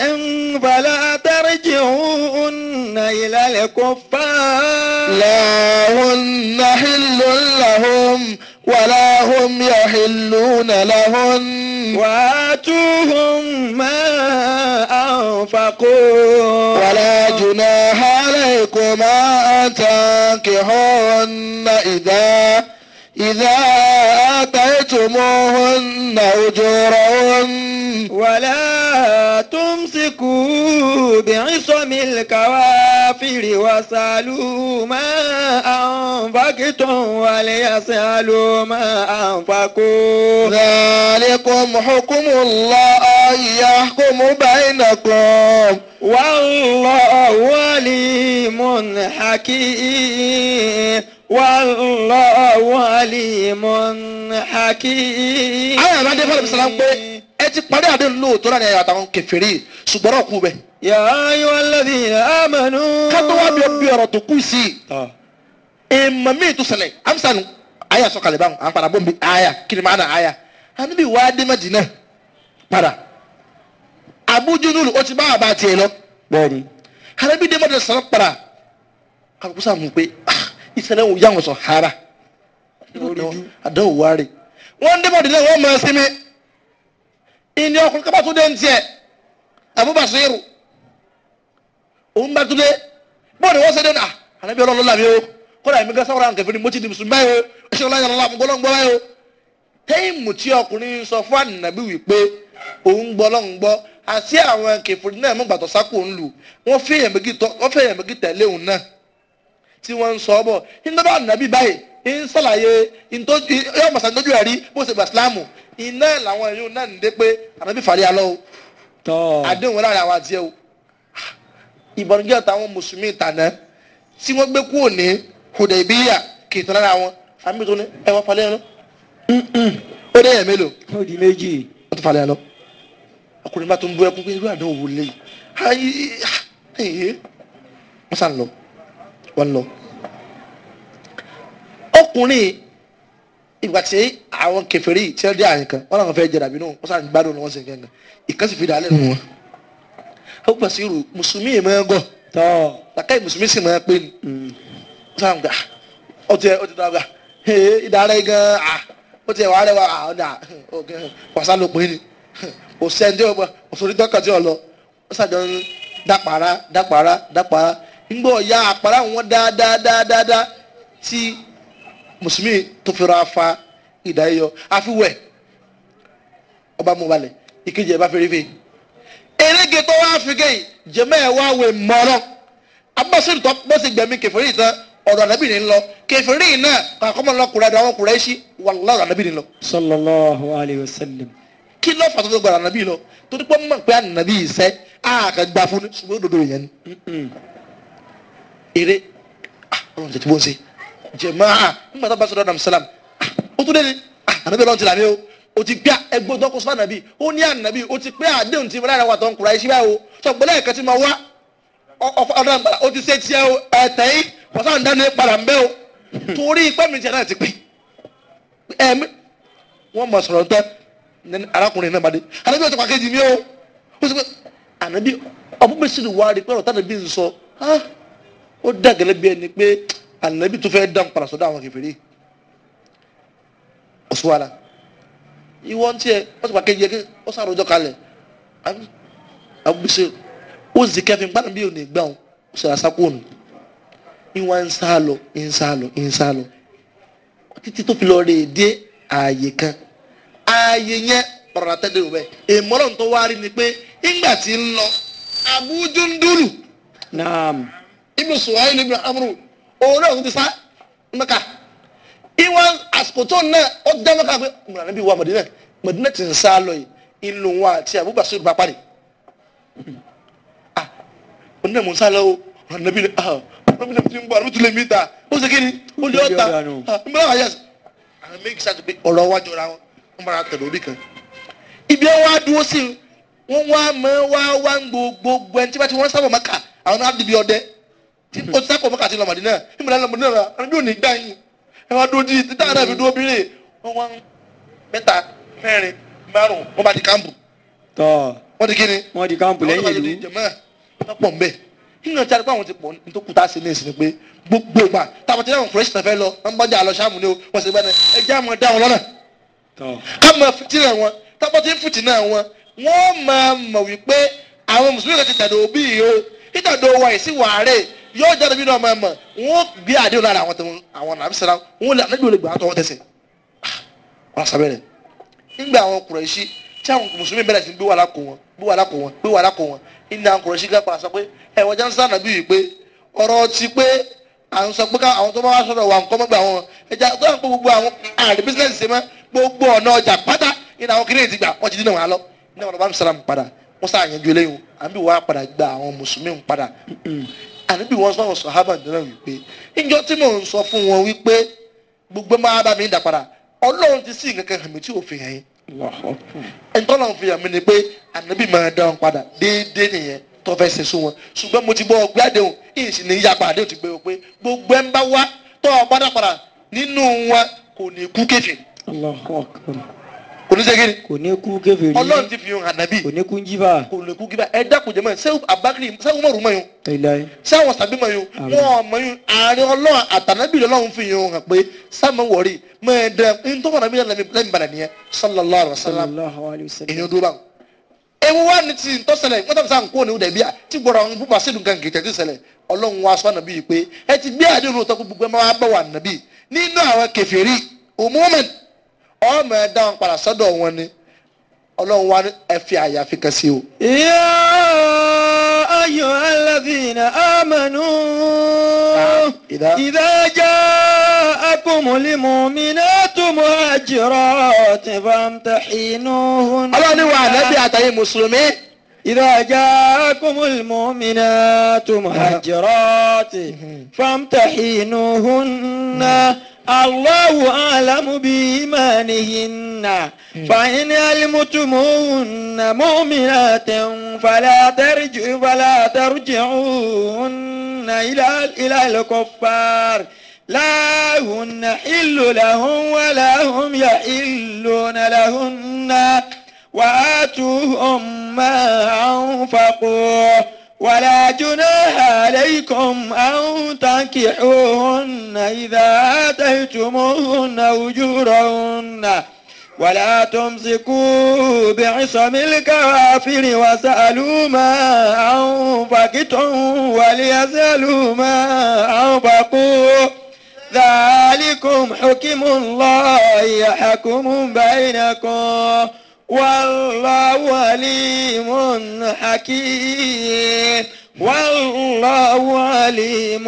فلا ترجعوهن إلى الكفار لا هن حل لهم ولا هم يحلون لهن وآتوهم ما أنفقوا ولا جناح عليكما أن تنكحون إذا إذا آتيتموهن أجورهن ولا تمسكوا بعصم الكوافر وسألوا ما أنفقتم وليسألوا ما أنفقوا ذلكم حكم الله يحكم بينكم والله عليم حكيم والله huwa alimun hakim. àwọn àlàdé fọlọ́ bí sàlám pé ẹ ti parí àdéhùn lóòótọ́ láti ẹ̀yà àtàwọn kèfèrí ṣùgbọ́n ọ̀kú bẹ̀. ya ayyuhal ladhina amanu. kátó wá bí ọbí ọ̀rọ̀ tó kù sí i. èèmọ̀ ah. mi tún ṣẹlẹ̀ amsanu aya sọ̀kalẹ̀ báwọn à ń padà bọ́m̀bi aya kìrìmánà aya àníbi wàá dé Mẹ́dínà padà abujunulu o ti bá àbá tiẹ̀ lọ. bẹ́ẹ̀ni. àníbi dé Mẹ́dínà sọ̀rọ̀ padà àkókò sáà pé ah, ìṣẹ̀lẹ̀ wò yá wọn sọ̀ hara àdánwò wárí wọ́n dé bọ̀dì náà wọ́n mọ̀ ẹ́ sí mi ìní ọkùnrin kábà tó dé ń tiẹ̀ àbúbàṣírù òun bá tó dé bọ́ọ̀dì wọ́n ṣe dé náà ah, ànábi ọlọ́run làbí o kódà èmi gán sáwọ́ra nǹkan fún mi mo ti di mùsùlùmí báyìí o ẹ ṣe ọlọ́run yàrá làmú gbọ́lọ́ ń gbọ́ báyìí o téèmù tí ọkùnrin sọ fún ànàbí wípé òun gbọ́ lọ́n gbọ́ àti àwọn kẹfìrì náà mọ̀gbàtọ̀ sákò ń lù wọ́n fẹ́yàn méjì tẹ̀lé òun náà tí wọ́n ń sọ ọ́ bọ̀ nígbà bá ànàbí báyìí ń sàlàyé yóò mọ̀ sàdójú ẹ̀rí bó ṣe gbà sílámù iná làwọn èèyàn náà ń dé pé ànábì fàrí alọ́ o àdéhùn láàrin àwọn àti ẹ o ìbọnújẹ́ àtàwọn mùsùlùmí ìtànà tí wọ́n gbé kúrò ní Hudaybiya kì í tán lára wọn àmì tó ní ẹ wọ́n falẹ̀ ẹnu ó dé yẹn mélòó ó di méjì ó ti falẹ̀ ẹnu ọkùnrin bá tó ń bú ẹkún pé irú àdéhùn wò lè ayé ah, ẹ̀yẹ wọ́n sàn lọ wọ́n lọ ọkùnrin ìgbà tí àwọn kẹfẹ́rì tí wọ́n dé àyìn kan wọ́n làwọn fẹ́ jẹ dàbí nù sàn gbádùn ní wọ́n sì gẹ́gẹ́ ìkan fi dà lẹ́nu wọn. ó pọ̀ irú mùsùlùmí yìí máa ń gọ̀ tọ́ làkàì mùsùlùmí sì máa ń pè ní. sàn gbà ó ti ó ti dàgbà ìdàrẹ́ gan-an ó ti wà á rẹwà à ọ̀dà wàsá ló pè kò sẹ́ni tí ó dọ́kà tí ó lọ ó sàjọ ń dàpàrà dàpàrà dàpàrà ń gbọ́ ya àpàrà mùsùlùmí tó fira fa ìdá yíyọ àfiwẹ̀ ọba mú balẹ̀ ìkejì ẹ̀ bá fẹ́rẹ́ fẹ́ elége tó wá fi gé jẹ́mẹ́ ẹ̀ wá wẹ̀ mọ́rọ́ abọ́sẹ̀rù tó bọ́sẹ̀ gbẹ̀mí kẹfẹ́rì tán ọ̀dọ̀ ànábì ni lọ kẹfẹ́rì náà kà kọ́mọ lọ kùrẹ́ dọ̀ àwọn kùrẹ́ sí wàlláhì ànábì ni lọ. sallallahu alayhi wa sallam. kí ló fà tó tó gbàdọ̀ ànábì lọ torí pé mọ̀ pé ànábì iṣẹ́ àkà gbà fún ṣùgbọ́n òdodo yẹn ni. eré ah ọlọ́run tètè bó ń ṣe jẹ̀máà nígbà tá a bá sọ̀rọ̀ àdàm sàlám ah, ó tún dé ni ah, ànábì ọlọ́run ti là mí o o ti gbé ẹgbẹ́ tó kó sọ́fà nàbí ó ní ànàbí o ti pé àdéhùn tí mo lára wà tó ń kura iṣẹ́ báyìí o sọ gbọ́dọ̀ ẹ̀ka tí mo wá ọ̀dọ̀ àgbàlá o ti ṣe tiẹ̀ o ẹ̀tẹ̀ yìí kọ̀sán dání padà ń bẹ́ o torí ipẹ́ mi tiẹ̀ náà ti pè ẹ̀mí wọ́n mọ̀ sọ̀rọ̀ tán arákùnrin náà bàdé ànábì ọ̀tọ̀ pàkejì mi o ó sọ pé ànábì ọ̀bùnbẹ̀sìn wà rí pé ọ̀tá ànábì tó fẹ́ dáhùn padà sọ́dọ̀ àwọn kèfèrí ọ̀ṣùwàlà ìwọ ń tiẹ̀ wọ́n ti pa kéjì ẹ̀kẹ́ ó sàròjọ kalẹ̀ àbúṣe ó zì kẹfìn gbàdùn bí òní gbà ó sọ̀rọ̀ sákòónù ìwà ń sá lọ ń sá lọ ń sá lọ títí tó fi lọ rè dé ààyè kan ààyè yẹn ọ̀rọ̀ àtẹ́dẹ́ òwe ìmọ̀ràn tó wá rí ni pé ìgbà tí ń lọ Abu Jundulu. naam ibùsùn ayélujára amúrò òun náà ti sá mẹ́ka ìwọ àsìkò tó náà ó dá mẹ́ka pé mùrànà bí wà mọ̀dínà mọ̀dínà ti sá lọ yìí ìlú wọn àti àbúgbà sí olùbá parí ah onídàá mò ń sá lọ o mùrànà bí mùrànà bí ń bọ̀ àbútú lè mí ta ó ṣe kíni ó lè ọ̀ta mùrànà wà yẹ àwọn méjì sáà ti pé ọ̀rọ̀ wájú ra wọn wọ́n máa tẹ̀lé orí kan ibi ẹ̀ dúró sí i wá mọ́ wá wá ń ẹni tí wọ́n sábà máa kà àwọn náà á dìbí ọdẹ tí ó ti sákò mọ́kàtí lọ màdínà ìmọ̀lá lọ màdínà àwọn bí ò ní gbà yín ẹ wá dúró di títà náà fi dúró bírè wọ́n wá mẹ́ta márùn wọ́n bá di káàmpù. tọ́ wọ́n di kini. wọ́n di káàmpù lẹ́yìn ìlú. wọ́n pọ̀ nbẹ̀ nínú ọjà nípa àwọn ti pọ̀ ní tó kú tá a ṣe ní ìsìn pé gbogbo ìgbà táwọn ti dáhùn fúrẹ́sì fẹ́ lọ wọ́n bá jà lọ sáàmù ni o wọ́n sì gbẹ́ni ẹ já wọn dá wọn lọ́nà. ká máa fìtínà wọn táwọn ti ń fìtínà wọn máa mọ̀ wípé àwọn mùsùlùmí kan ti tàdó bí o ìtàdó wa ìsìwà yóò jáde bínú ọmọ ẹ mọ wọn gbé àdéhùn lára àwọn tẹmọ àwọn nàbí sara wọn lè anábì olè gbà á tọwọ́ tẹsẹ̀ wọn sábẹ rẹ nígbà àwọn Kùrẹ́ṣì tí àwọn mùsùlùmí bẹ̀rẹ̀ sí gbé wàhálà kó wọn gbé wàhálà kó wọn gbé wàhálà kó wọn ìnà àwọn Kùrẹ́ṣì gá padà sọ pé ẹ wọn jáde sáà nàbí yìí pé ọ̀rọ̀ ti pé à ń sọ pé ká àwọn tó bá wá sọ̀rọ̀ wà nǹkan mọgbà wọn ẹja tó ń pọ gbogbo àwọn àrè àníbì wọn sọ̀rọ̀ sọ̀hábà náà wípé ìjọ tí mò ń sọ fún wọn wípé gbogbo máa bá mi dà padà ọlọ́run ti sí nǹkan kan hàn mí tí ò fi hàn yín. ẹ̀ńtọ́ náà fi hàn mí ni pé àníbì máa dá wọn padà déédéé nìyẹn tó fẹ́ ṣe sún wọn ṣùgbọ́n mo ti bọ́ ọgbẹ́ àdéhùn ìyìn sì ní yapa àdéhùn ti gbé wọn pé gbogbo ẹ̀ ń bá wá tó ọ padà padà nínú wọn kò ní kú kéfì. Akbar kò ní ṣe kí ni. kò ní kú kèfèrí. ọlọ́run ti fi hàn ànábì. kò ní kú jíba. kò ní kú jíba ẹ dákun jẹ́ mọ́ ṣé abakiri ṣé umaru mọ̀ yín. tẹ̀lé. ṣé àwọn sàbí mọ̀ yín. wọn mọ̀ yín àárín ọlọ́run àtànábì lọ́lọ́run fi hàn hàn pé sáàmù wọ̀rí mọ̀ ẹ̀ dẹ́ n tó fọ̀nà nìyẹn sallallahu alaihi wasallam èèyàn dúró báwọn ewu wa ni ti ntọ́ ṣẹlẹ̀ wọ́n tàbí sáà nkó ni dẹ̀bi a ti gbọ́dọ̀ àwọn púpà sínú kan kìí tẹ̀sí ṣẹlẹ̀ ọlọ́run wa sọ ànàbí yìí pé ẹ ti gbé àdéhùn tó kú gbogbo ẹ máa bá wà ànàbí nínú àwọn kèfèrí òmùmẹ́ni ọmọ ẹ dáhùn padà sọ́dọ̀ wọn ni ọlọ́run wa ẹ fi àyà fi kan sí o. yá ayọ̀ alábìnrin amànú ìdájà ah, akumulimu minatumu ajiro tibamtahinuhun. ọlọ́ni wa ànábì àtàyè mùsùlùmí. إذا جاءكم المؤمنات مهاجرات فامتحنوهن الله أعلم بإيمانهن فإن علمتموهن مؤمنات فلا ترجع فلا ترجعوهن إلى إلى الكفار لا هن حل لهم ولا هم يحلون لهن وآتوهم ما أنفقوا ولا جناح عليكم أن تنكحوهن إذا آتيتموهن أجورهن ولا تمسكوا بعصم الكافر وسألوا ما أنفقتم وليسألوا ما أنفقوا ذلكم حكم الله يحكم بينكم والله عليم حكيم والله عليم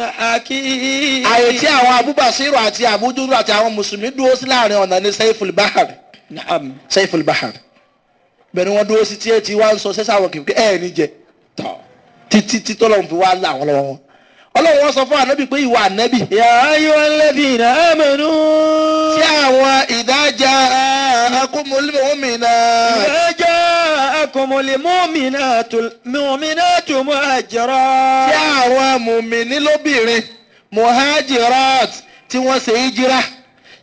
حكيم. àyè tí àwọn abúbàṣírò àti àbújúrò àti àwọn mùsùlùmí dúró sí láàrin ọ̀nà ní Saiful Bahar naam Saiful Bahar bẹ̀rẹ̀ wọn dúró sí tí ẹ ti wá ń sọ sẹ́sà àwọn kìkì ẹ̀ ní jẹ tọ̀ títí títọ́ lọ́n fi wá là wọ́n lọ́wọ́ wọn. ọlọ́run wọn sọ fún ànábì pé ìwà ànábì. ya ayyuhalladhina amanu sí àwọn ìdájà akúmọ̀lẹ́ mọ́mìnà. ìdájà akúmọ̀lẹ́ mọ́mìnà mọ́mìnà tó mọ́ àjẹrọ. sí àwọn mùmìnì lóbìnrin muhajirat tí wọ́n ṣe hijira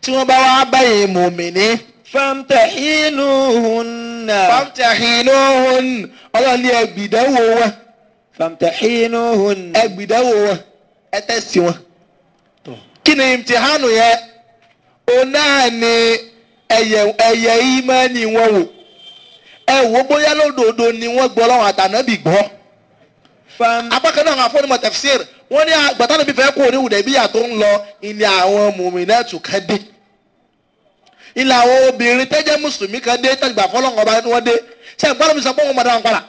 tí wọ́n bá wá báyìí mùmìnì. famtahinuhunna. famtahinuhunna ọlọ́run ní ẹgbìdánwò wọn. famtahinuhunna. ẹgbìdánwò wọn ẹ tẹ̀sí wọn. kí ni imtihanu yẹn òun náà ni ẹ̀yẹ ìmánì wọn wò ẹ wò bóyá lódodo ni wọ́n gbọ́ lọ́wọ́ àtànábì gbọ́ apá kan náà àwọn afọ́nimọ̀ tafsir wọ́n ní àgbàtà níbi fẹ́ kú òní Hudaybiyyah tó ń lọ ilé àwọn mùmínátù kan dé ilé àwọn obìnrin tẹ́jẹ́ mùsùlùmí kan dé tẹ́jẹ́ gbà fọ́lọ́ǹkọ́ bá wọ́n dé ṣé ìgbàlómi sọ pé wọ́n mọ̀ dáhùn padà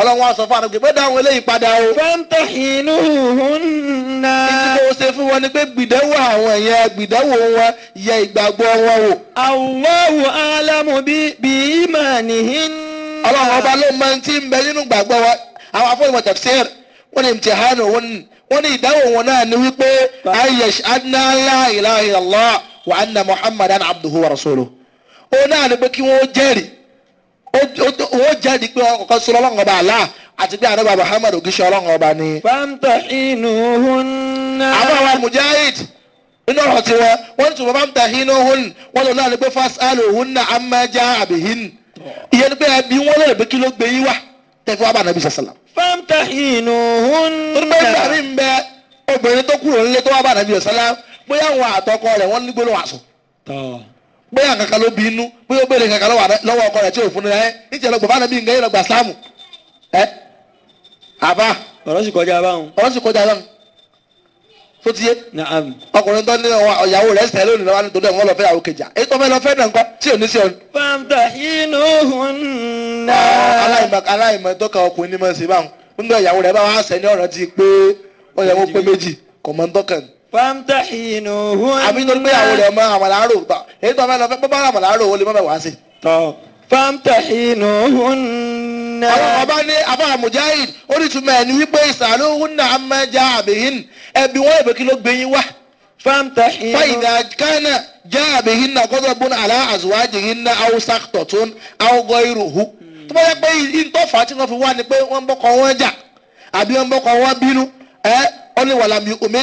ọlọ́run wa sọ fún àdókè pé dáhùn eléyìí padà o. fanta inú hunna. ìdí mo ṣe fún wọn ni pé gbìdẹ́wò àwọn yẹn gbìdẹ́wò wọn yẹ ìgbàgbọ́ wọn wò. Allahu alamu bi bi imanihin. ọlọ́run ọba ló máa ti ń bẹ nínú gbàgbọ́ wa àwọn afọ́nìmọ̀ tafsir wọ́n ní imtihanu wọn ni wọ́n ní ìdáwò wọn náà ni wípé ayesh anna ilaha illallah muhammadan abduhu wa rasuluhu. ó ó jẹ́rìí pé ọkọ̀ sọ ọlọ́run ọba àlá àti pé àrẹ́gbà Muhammad ògìṣẹ́ ọlọ́run ọba ni. famtahinuhunna. àwọn àwọn mujahid nínú ọ̀rọ̀ tiwọn wọ́n ní tùmọ̀ famtahinuhun wọ́n lọ láàrin pé fas'aluhunna amma ja'a bihin. ìyẹn ni pé ẹbí wọn lè pé kí ló gbé yín wá tẹ̀fọ́ wa bá nàbí sàlám. famtahinuhunna. tó ń bẹ́ẹ̀ sàrí ń bẹ obìnrin tó kúrò nílé tó wá bá nàbí sàlám bóyá àwọn àtọkọ rẹ̀ wọ́n ní gbólóhùn àṣọ pé àkàkà ló bí inú pé ó béèrè kàkà lọ́wọ́ ọkọ rẹ̀ tí ò fún un ẹ níjẹ́ lọ gbọ̀fà nǹkan yẹn lọ gbà ẹ àbá. ọ̀rọ̀ sì kọjá báwọn. ọ̀rọ̀ sì kọjá báwọn. tó ti yé. ọkùnrin tó ní ìyàwó rẹ̀ sẹ́yìn lónìí lọ́wọ́ nítorí ẹ̀wọ̀n lọ́fẹ́ àwọn kejì èyí tó fẹ́ lọ́fẹ́ náà nǹkan tí ò ní sí ọ. bá wà sẹ́yìn ọ̀rọ̀ ti pé ó fàmtàhìnù hún náà. àbí nítorí pé àwọn olè ọmọ àmàlà àrò gbà èyí tó ọmọ ẹ lọ fẹ́ bọ́ bá àmàlà àrò olè mọ́ bẹ̀ wá sí. tọ́ fàmtàhìnù hún náà. àwọn ọba ní abára mujahid ó ní túmọ̀ ẹni wípé ìsàlù hún náà máa já àbíyín ẹbí wọn ìbí kí ló gbé yín wá. fàmtàhìnù. fàyìdà kánà já àbíyín náà kọ́tọ̀ bọ́n àlá àzùwájìyín náà àwùsà tọ̀tún àwùgọ́ ìrùhù. tó bá yẹ pé ìtọ́fà tí wọ́n fi wá ni pé wọ́n bọ́kọ̀ wọn jà àbí wọ́n bọ́kọ̀ wọn bínú ẹ ọ́ ní wàlámi omi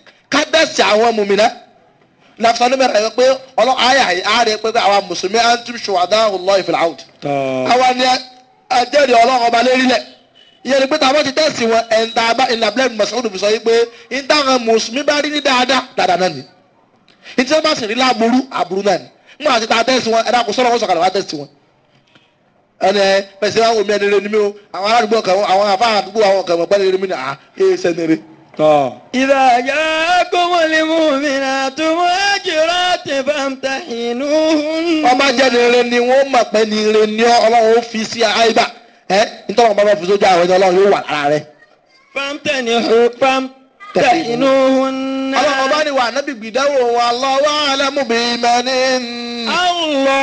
kádẹ́sì àwọn mùmínà lafitani bẹ̀rẹ̀ rẹ̀ pé ọlọ́ àyà àárẹ̀ pé àwa mùsùlùmí antum shuhadahu Allahi fil ard. àwa ni ajẹ́rìí ọlọ́run ọba lérí lẹ̀ ìyẹn ni pé tàbá ti tẹ̀sí wọn ẹ̀ńtà bá ìlàbílẹ̀ mọ̀sáwùdù sọ yìí pé ìtàn mùsùlùmí bá rí ní dáadáa dáadáa náà ni ìtí wọn bá sì rí láàbùrú àbùrú náà ni wọn àti ta tẹ̀sí wọn ẹ̀dá kò sọ̀rọ̀ wọn sọ̀kalẹ̀ wọn tẹ̀sí wọn. ẹ إذا جاءكم المؤمنات مهاجرات فامتحنوهن. ọba jẹ́ nire ni wọ́n mọ̀ pé nire ni ọlọ́run ó fi sí ara ibà ẹ́ nítorí wọn bá bá fi sójú àwọn ẹni ọlọ́run yóò wà lára rẹ̀. فامتحنوهن ọlọ́run ọba ni wà nábì gbìdáwò wọn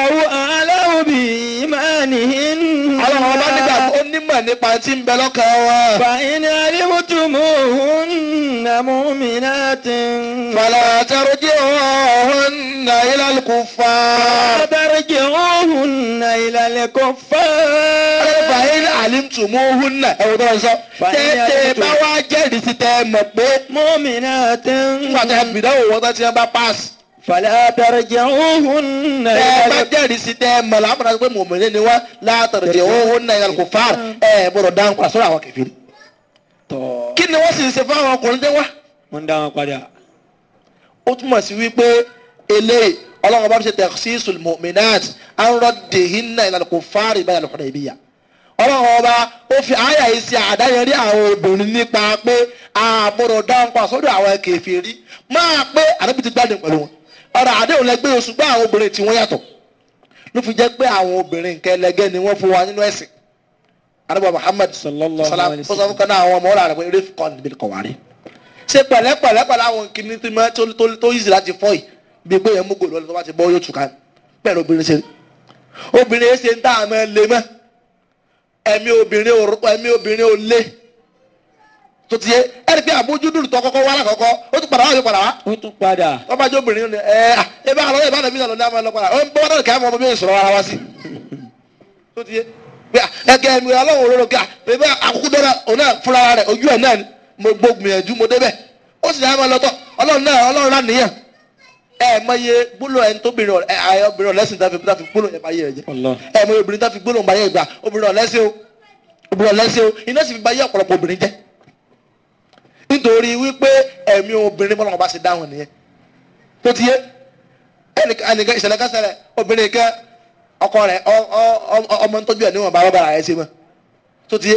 Allahu a'lamu bi imanihim. Allahu a'lamu bi imanihim. ọlọ́run ọba nígbà ó nímọ̀ nípa tí ń bẹ lọ́kàn wa. fàyín alimutumuhunna mu'minatin. fala tarji'uhunna ila al-kuffar. fala tarji'uhunna ila al-kuffar. fàyín alimutumuhunna ẹ̀wọ̀n tó ń sọ. tẹ́tẹ́ bá jẹ́rìí sí tẹ́ mọ̀ pé. mu'minatin nígbà tí a fi ìdánwò wọn tán tí wọ́n bá pass. fàlẹ́ àtàrẹ̀jẹ̀ òhun náà. tẹ́ ẹ bá jẹ́rìí sí tẹ́ ẹ mọ̀ lámúra pé mòmìnì ni wọ́n látàrẹ̀jẹ̀ òhun náà yàrá kò far ẹ gbọ́dọ̀ dáhùn padà sọ́dọ̀ àwọn kẹfìrí. kí ni wọ́n sì ń ṣe fún àwọn ọkùnrin dé wá. wọ́n dá wọn padà. ó túmọ̀ sí wípé eléyìí ọlọ́run bá fi ṣe tẹ̀síṣùl mọ̀mìnàt ọlọ́run ọba ó fi àyà yìí ṣe àdáyẹrí àwọn obìnrin nípa pé àbúrò dáńpà sọ́dọ̀ àwọn kèfèrí máa pé àdébí ti gbádùn pẹ̀lú wọn ọ̀rọ̀ àdéhùn lẹgbẹ́ oṣù gbọ́ àwọn obìnrin tí wọ́n yàtọ̀ ló fi jẹ́ pé àwọn obìnrin nǹkan ni wọ́n fún wa nínú ẹ̀sìn anábọ̀ Muhammad sallallahu alayhi wa sallam kan náà àwọn ọmọ ọ̀rọ̀ rẹ̀ rif kan níbi kọ̀wárí ṣe pẹ̀lẹ́pẹ̀lẹ́ pẹ̀lú àwọn kìnnìtìmọ́ tó yìí láti fọ́ yìí bíi pé yẹn mú gòlù ọ̀lẹ́ tó bá ti bọ́ yóò tù ká pẹ̀lú obìnrin ṣe obìnrin ṣe ń tá àmọ́ ẹ lé mọ́ ẹ̀mí obìnrin ò ẹ̀mí obìnrin ò lé tó ti yé ẹni pé àbójúdùn tó kọ́kọ́ wá lákọ̀ọ́kọ́ ó tún padà wá ó tún padà wá. ó tún padà. wọ́n bá jó obìnrin ni ẹ ẹ bá lọ ìbára mi lọ́dún àmọ́ lọ́kọ́ra ó ń bọ́ náà kí àwọn ọmọ mi sọ̀rọ̀ ara wa sí. tó ti yé pé ẹgẹ ẹ̀mí ọlọ́run òróró kí pé bá àkókò dọ́ra òun náà fúnra rẹ̀ ojú ẹ̀ náà ni mo gbógun ẹ̀jú mo débẹ̀ ó sì dáhùn lọ́tọ̀ ọlọ́run náà ọlọ́run lá ẹ mọye gbólóhùn ẹni tó bìnrin ọ̀rẹ́ ẹ obìnrin ọ̀lẹ́sìn tá fi gbólóhùn yẹn báyé ẹ jẹ ẹ mọye obìnrin tá fi gbólóhùn báyé ìgbà obìnrin ọ̀lẹ́sìn o obìnrin ọ̀lẹ́sìn o iná sì fi báyé ọ̀pọ̀lọpọ̀ obìnrin jẹ nítorí wípé ẹ̀mí obìnrin bọ́lá wọn bá ṣe dáhùn nìyẹn tó ti yé ẹnìkan ìṣẹ̀lẹ̀ kan ṣẹlẹ̀ obìnrin kan ọkọ rẹ̀ ọmọ ń tọ́jú ẹ̀ níwọ̀n bá rọ́bà rẹ̀ ṣe mọ́ tó ti yé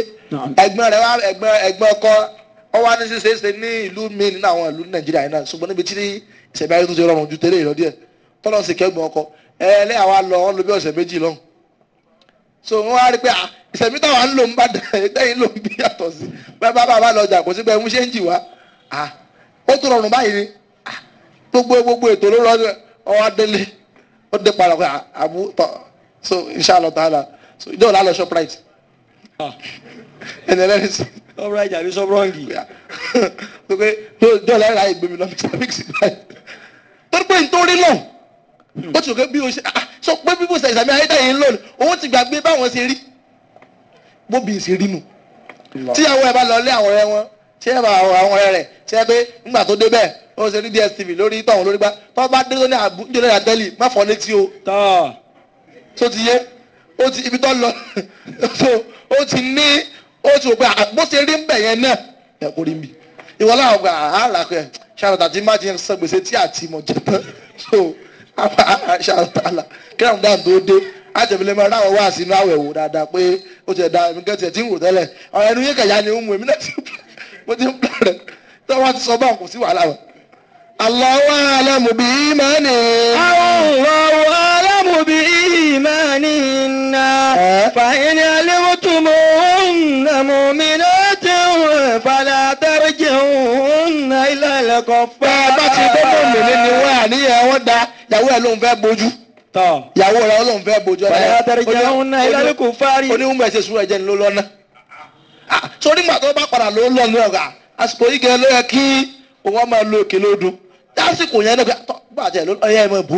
ẹ̀gbọ́n rẹ̀ wá ẹ̀gbọ́n ọkọ ọwọ́ á ní ṣíṣeéṣe ní ìlú mi nínú àwọn ìlú nàìjíríà yìí náà ṣùgbọ́n níbi tí ìṣẹ̀bí ayé tó ti rọrùn ju tẹ́lẹ̀ ìlọ díẹ̀ tọ́lọ́ sì kẹ́gbọ̀n ọkọ ẹ àwa lọ ọ́n lo bí ọ̀sẹ̀ méjì lọ́hùn so wọ́n á rí pé ah, ìṣẹ̀mí táwa ń lò ń bá dẹ́yìn ló ń bí yàtọ̀ sí bẹ́ẹ̀ bá bàbá lọ jà kò sí pé ń ṣe ń jì wá ah, ó tún rọrùn báyìí ni ah, gbogbo so inshallah ta'ala so ìjọba lálọ́ shoprite [laughs] ẹni ẹlẹ́rìí sí ọmọ ajá mi sọ wrong yà tó pé dọ́là ẹ̀rọ ayé gbèmí lọ mr big sí báyìí tó pé nítorí náà ó ti sọ pé bí o ṣe sọ pé bí mo ṣe ìsàmì ayédáyé ńlọ ni òun ti gbàgbé báwọn ṣe rí bóbi ṣe rí nù tíyàwó ẹ bá lọ lé àwọn ọ̀rẹ́ wọn tí ẹ bá àwọn ọ̀rẹ́ rẹ̀ tí ẹ pé nígbà tó dé bẹ́ẹ̀ ó ṣe ní dstv lórí tọ̀hún lórí gbá tó bá dé lórí àbújá lórí àtẹ́lì má fọ́ létí o tó ti yé ibi tó lọ [laughs] ó ti ní ó ti rò pé ah, bó ṣe rí mbẹ̀ yẹn náà ẹ̀ kó rí mi ìwọ láwọn gba ah, àhàrà pé ṣàròtà tí má ti ń san gbèsè tí àti mọ̀ jẹ tán so ṣàròtà àlà kí dáhùn tó dé wá sínú wò dáadáa pé ó ti ẹ̀ da ń wò ẹnu yín ni ó ń yẹn kọ́. bẹ́ẹ̀ bá ti gbogbo mìíní ni wọ́n àníyàn wọ́n da ìyàwó ẹ̀ ló ń fẹ́ bójú. ìyàwó rẹ̀ ló ń fẹ́ bójú. bàyà àtẹ̀rẹ̀jẹ̀ òun náà ìlànà kò fárí. oníhùn lásìkò yẹn náà bàjẹ́ ló ọ̀yẹ́ ẹ̀ máa bú.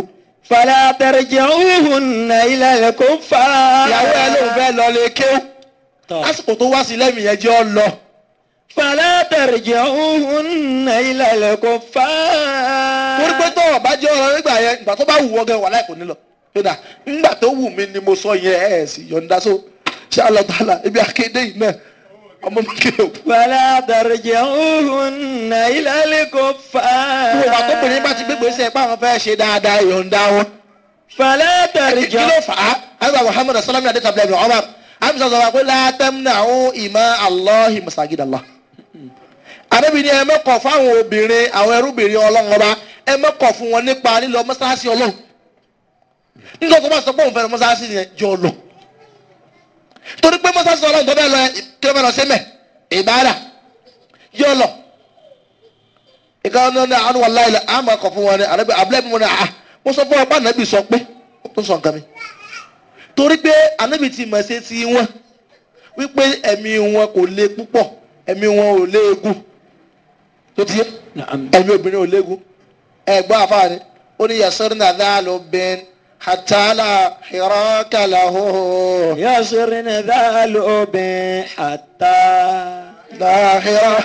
fàlà àtẹ̀rẹ̀jẹ̀ òun náà ìlànà kò fárí. ìyàwó ẹ̀ ló ń fẹ́ lọ lè kéw. lásìkò tó wá sí lẹ́mìí yẹn jẹ́ ọ lọ fàlẹ́ tẹ̀rẹ̀jẹ̀ òhun ilẹ̀ ilẹ̀ kò fà á. torí pé tó o bá jẹ́ ọ̀rọ̀ nígbà yẹn ìgbà tó bá wù ọ́ gẹ̀ wà láìpẹ́ nílọ. yọ̀dà ńgbà tó wù mí ni mo sọ yẹn ẹ̀ sì yọ̀ǹda so ṣé alọ́tàlà ibi akéde yìí náà ọmọ mi kéré o. fàlẹ́ tẹ̀rẹ̀jẹ̀ òhun ilẹ̀ ilẹ̀ kò fà á. bí wọ́n bá tó pèrè bá ti gbégbé sí ẹ pé àwọn fẹ́ ṣe dáadáa yọ̀ǹda wọn. fàlẹ́ tẹ̀rẹ̀jẹ̀ kí ló fà á. àgbà Muhammad sallam ní adé Allah àdébí ni ẹ mẹ́kọ̀ fáwọn obìnrin àwọn ẹrúbìnrin ọlọ́run ọba ẹ mẹ́kọ̀ fún wọn nípa lílọ mọ́sáàsì ọlọ́run nígbà tó bá sọ pé òun fẹ́ràn mọ́sáàsì yẹn jọ lọ torí pé mọ́sáàsì ọlọ́run tó bẹ́ẹ̀ lọ kí ló bẹ́ẹ̀ lọ sẹ́mẹ̀ ìbára yọ lọ ìkànnì ọ̀nà àwọn aláìlẹ̀ àmọ́ ẹ̀kọ́ fún wọn ni àdébí wọn ni à mo sọ fún ọpá nàbì sọ pé ó sọ nǹkan mi torí pé ànábì ti mọ̀ ṣe ti wọn wípé ẹ̀mí wọn kò le púpọ̀ ẹ̀mí wọn ò léegun tó ti yé ẹ̀mí obìnrin ò léegun ẹ̀gbọ́n àfáàní ó ní yasirna dhaalubin hatala hirakalahu. yasirna dhaalubin hatta dahira.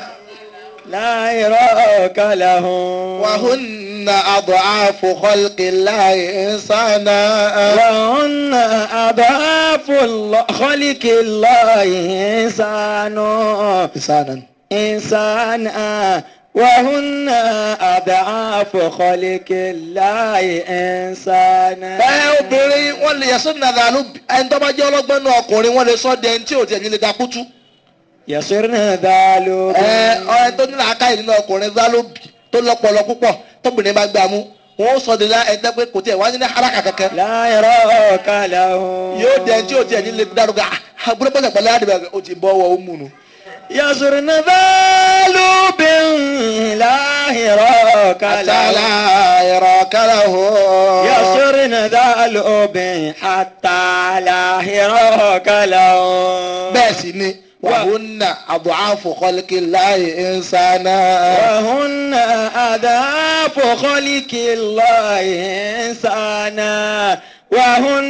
لا يراك لهم وهن أضعاف خلق الله إنسانا وهن أضعاف خلق الله إنسانا إنسانا إنسانا وهن أضعاف خلق الله إنسانا. ẹ obìnrin wọn lè yẹsùn nàdà ló ẹni tó bá jẹ́ ọlọ́gbọ́n náà ọkùnrin wọn lè sọ de ẹni tí ò tiẹ̀ ní lè da kútú. yẹsùn nàdà ló. ẹ ọ̀rẹ́ tó ní làákàyè nínú ọkùnrin dá ló bì tó lọ́pọlọ púpọ̀ tóbìnrin bá gbà mú wọn ó sọ de la ẹ̀dá pé kò tiẹ̀ wá ní haraka kankan. láyọ̀rọ̀ ọ̀kadà o. yóò dẹ̀ tí ò tiẹ̀ ní lè dárúgà àgbọ̀dọ̀ pẹ̀lẹ́ يزرن ذالو بن لا هراك له لا هراك له يزرن ذالو بن حتى لا هراك له بس ني وهن أضعاف خلق الله إنسانا وهن أضعاف خلق الله إنسانا wàhùn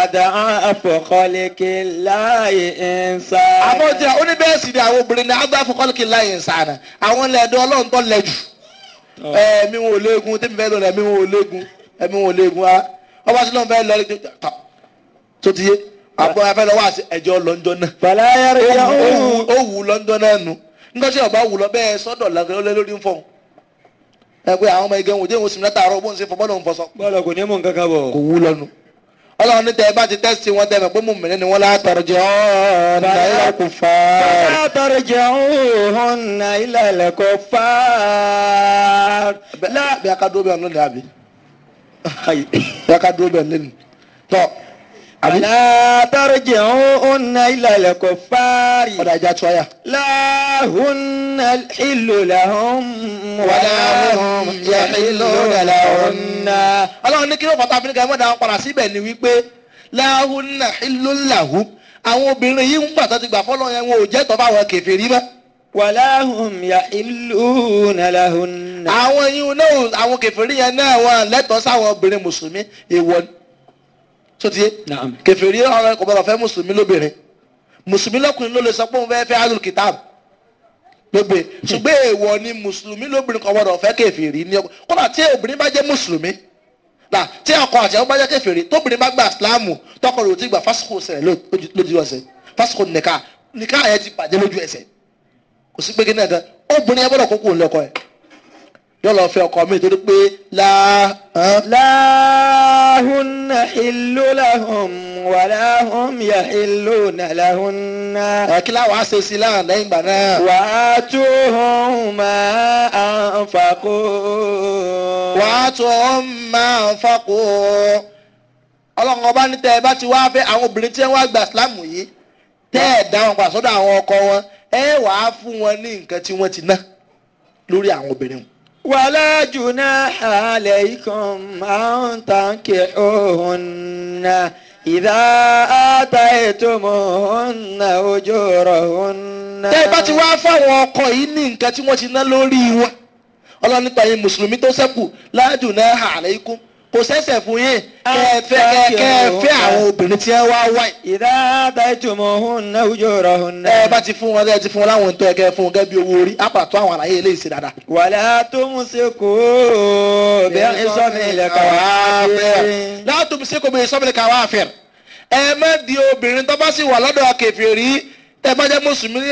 àdáhàfù kọ́líkì láàyè ẹ̀ǹsà. àbọ̀jẹ̀ oníbẹ̀ẹ́sì ni àwọn obìnrin ní àdáhàfù kọ́líkì láàyè ẹ̀ǹsà rẹ̀ àwọn ẹlẹ́dọ̀ ọlọ́run lẹ jù. ẹ̀mí wọn ò tí mi fẹ́ lọ rẹ̀ ẹ̀mí wọn ò léegun ẹ̀mí wọn ò léegun á ọba tí lọ́n fẹ́ lọ ẹ pé àwọn ọmọ igi òun déhùn sinmi látàárọ̀ bóun ṣe fọ bọ́ọ̀lù òun fọṣọ. kò ní mú nǹkan kan bọ̀. kò wú lọ́nu. ọlọ́run ní ẹ bá ti tẹ́sí wọn tẹ́mẹ̀ pé mùmìnir ni wọ́n látọ̀rọ̀ jẹ́ ọ̀hún náírà kò fà á. látọ̀rọ̀ jẹ́ ọ̀hún náírà kò fà á. bí a ká dúró bẹ́ẹ̀ lónìí àbí. [laughs] bí a ká dúró bẹ́ẹ̀ lónìí. tọ́ Àlátàrìjì ọ̀nà ìlàlẹ̀ kò fárí. Ọ̀dà ìjà tó ayà. Láhùnà ìlú làhùn wàláhùn yà ìlú làhùn náà. Ọlọ́run ní kí ló fọ́tà Áfíríkà mọ́ta wọn padà síbẹ̀ ni wípé láhùnà ìlú làhùn. Àwọn obìnrin yìí ń pàtó ti gbà fọ́lọ́ yẹn wọn ò jẹ́ tọ́ báwọn kèfèrí mọ́. Wàláhùn yà ìlú làhùn náà. Àwọn yìí náà àwọn kèfèrí yẹn náà wọn lẹ́tọ̀ọ́ sáwọn obìnrin Mùsùlùmí sotie kèfèrí ọ̀rọ̀ kò bọ̀rọ̀ fẹ́ mùsùlùmí lóbìnrin mùsùlùmí lọ́kùnrin ló lè sọ pé òun fẹ́ẹ́ fẹ́ adùn kìtàb lóbe ṣùgbọ́n èèwọ̀ ni mùsùlùmí lóbìnrin kò bọ̀rọ̀ fẹ́ kèfèrí ní ọkọ kódà tí obìnrin bá jẹ́ mùsùlùmí là tí ọkọ àti ọkọ bá jẹ́ kèfèrí tóbìnrin bá gba ìsìláàmù tọkọ rò ti gbà fásikò sẹ̀rẹ̀ lójú ẹsẹ̀ fásikò nìka nìka yẹn ti bàjẹ́ lójú ẹsẹ̀ kò sí pé náà gan obìnrin ẹ gbọ́dọ̀ kókó ńlọkọ ẹ̀ yóò lọ fẹ́ ọkọ mi torí pé la. láhùn ìlú làhùn wà láhùn yà ìlú làhùn náà. ẹ̀kí láwọn á ṣe sí láhùn lẹ́yìn ìgbà náà. wà á tó hùn máa ń fakó. wà á tó hùn máa ń fakó. ọlọ́run ọba ní tẹ́ ẹ bá ti wá fẹ́ àwọn obìnrin tí wọ́n wá gba ìsìlámù yìí tẹ́ ẹ̀ dá wọn pa sọ́dọ̀ àwọn ọkọ wọn ẹ wàá fún wọn ní nǹkan tí wọ́n ti ná lórí àwọn obìnrin wọn. ولا جناح عليكم أن تنكحوهن إذا آتيتموهن أجورهن. tẹ́ ẹ wá fáwọn ọkọ yìí ní nǹkan tí wọ́n ti ná lórí wọn ọlọ́run nípa yín mùsùlùmí tó sẹ́kù لا جناح عليكم kò sẹ́sẹ̀ fún yín ah, kẹ́ẹ̀fẹ́ kẹ́ẹ̀fẹ́ àwọn obìnrin tí ẹ wá wá. ìdá àtàjùmọ̀ òun náà ojú rọ̀ òun náà. ẹ bá ti fún wọn ẹ ti fún wọn láwọn tó ẹgẹ fún gẹ́gẹ́ bí owó orí àpàtó àwọn àlàyé eléyìí sí dáadáa. wàlẹ́ tó mú sí kó bẹ́ẹ̀ sọ́mi ilẹ̀ kàwá fẹ́ẹ̀. látò mú sí kó bẹ́ẹ̀ sọ́mi ilẹ̀ kàwá fẹ́ẹ̀. ẹ má di obìnrin tó bá sì wà lọ́dọ̀ kèfèrí ẹ má jẹ́ mùsùlùmí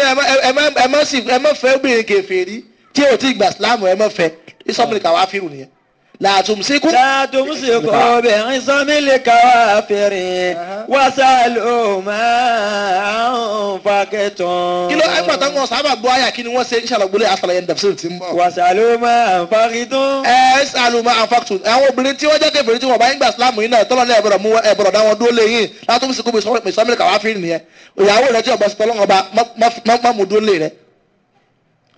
ẹ má fẹ́ obìnrin kèfèrí tí ò tí ì gbà sílámù ẹ má fẹ́ ìsọ́mi ilẹ̀ kàwá fẹ́ẹ̀ nìyẹn làtúnṣekú. làtúnṣekú obìnrin sọmílì káwá fèrè wàsálù máa ń fakẹ́tàn. kí ló ẹ pàtó wọn sábà gbọ́ àyà kí ni wọ́n ṣe ìṣàlọ́gbọ́lé àṣàlàyé ndàbísírì tí ń bọ̀. wàsálù máa ń fakẹ́tàn. ẹ ẹ sàlù máa ń fakẹ́tàn. àwọn obìnrin tí wọ́n jẹ́ kèfèrí tí wọ́n bá ń gbà sílámù yìí náà tọ́lọ́ ní ẹ̀bọ̀rọ̀ mú ẹ̀bọ̀rọ̀ dá wọn dúró léyìn látúnṣekú sọmílì káwá fèrè nìyẹn ìyàwó rẹ tí ọ̀bọ̀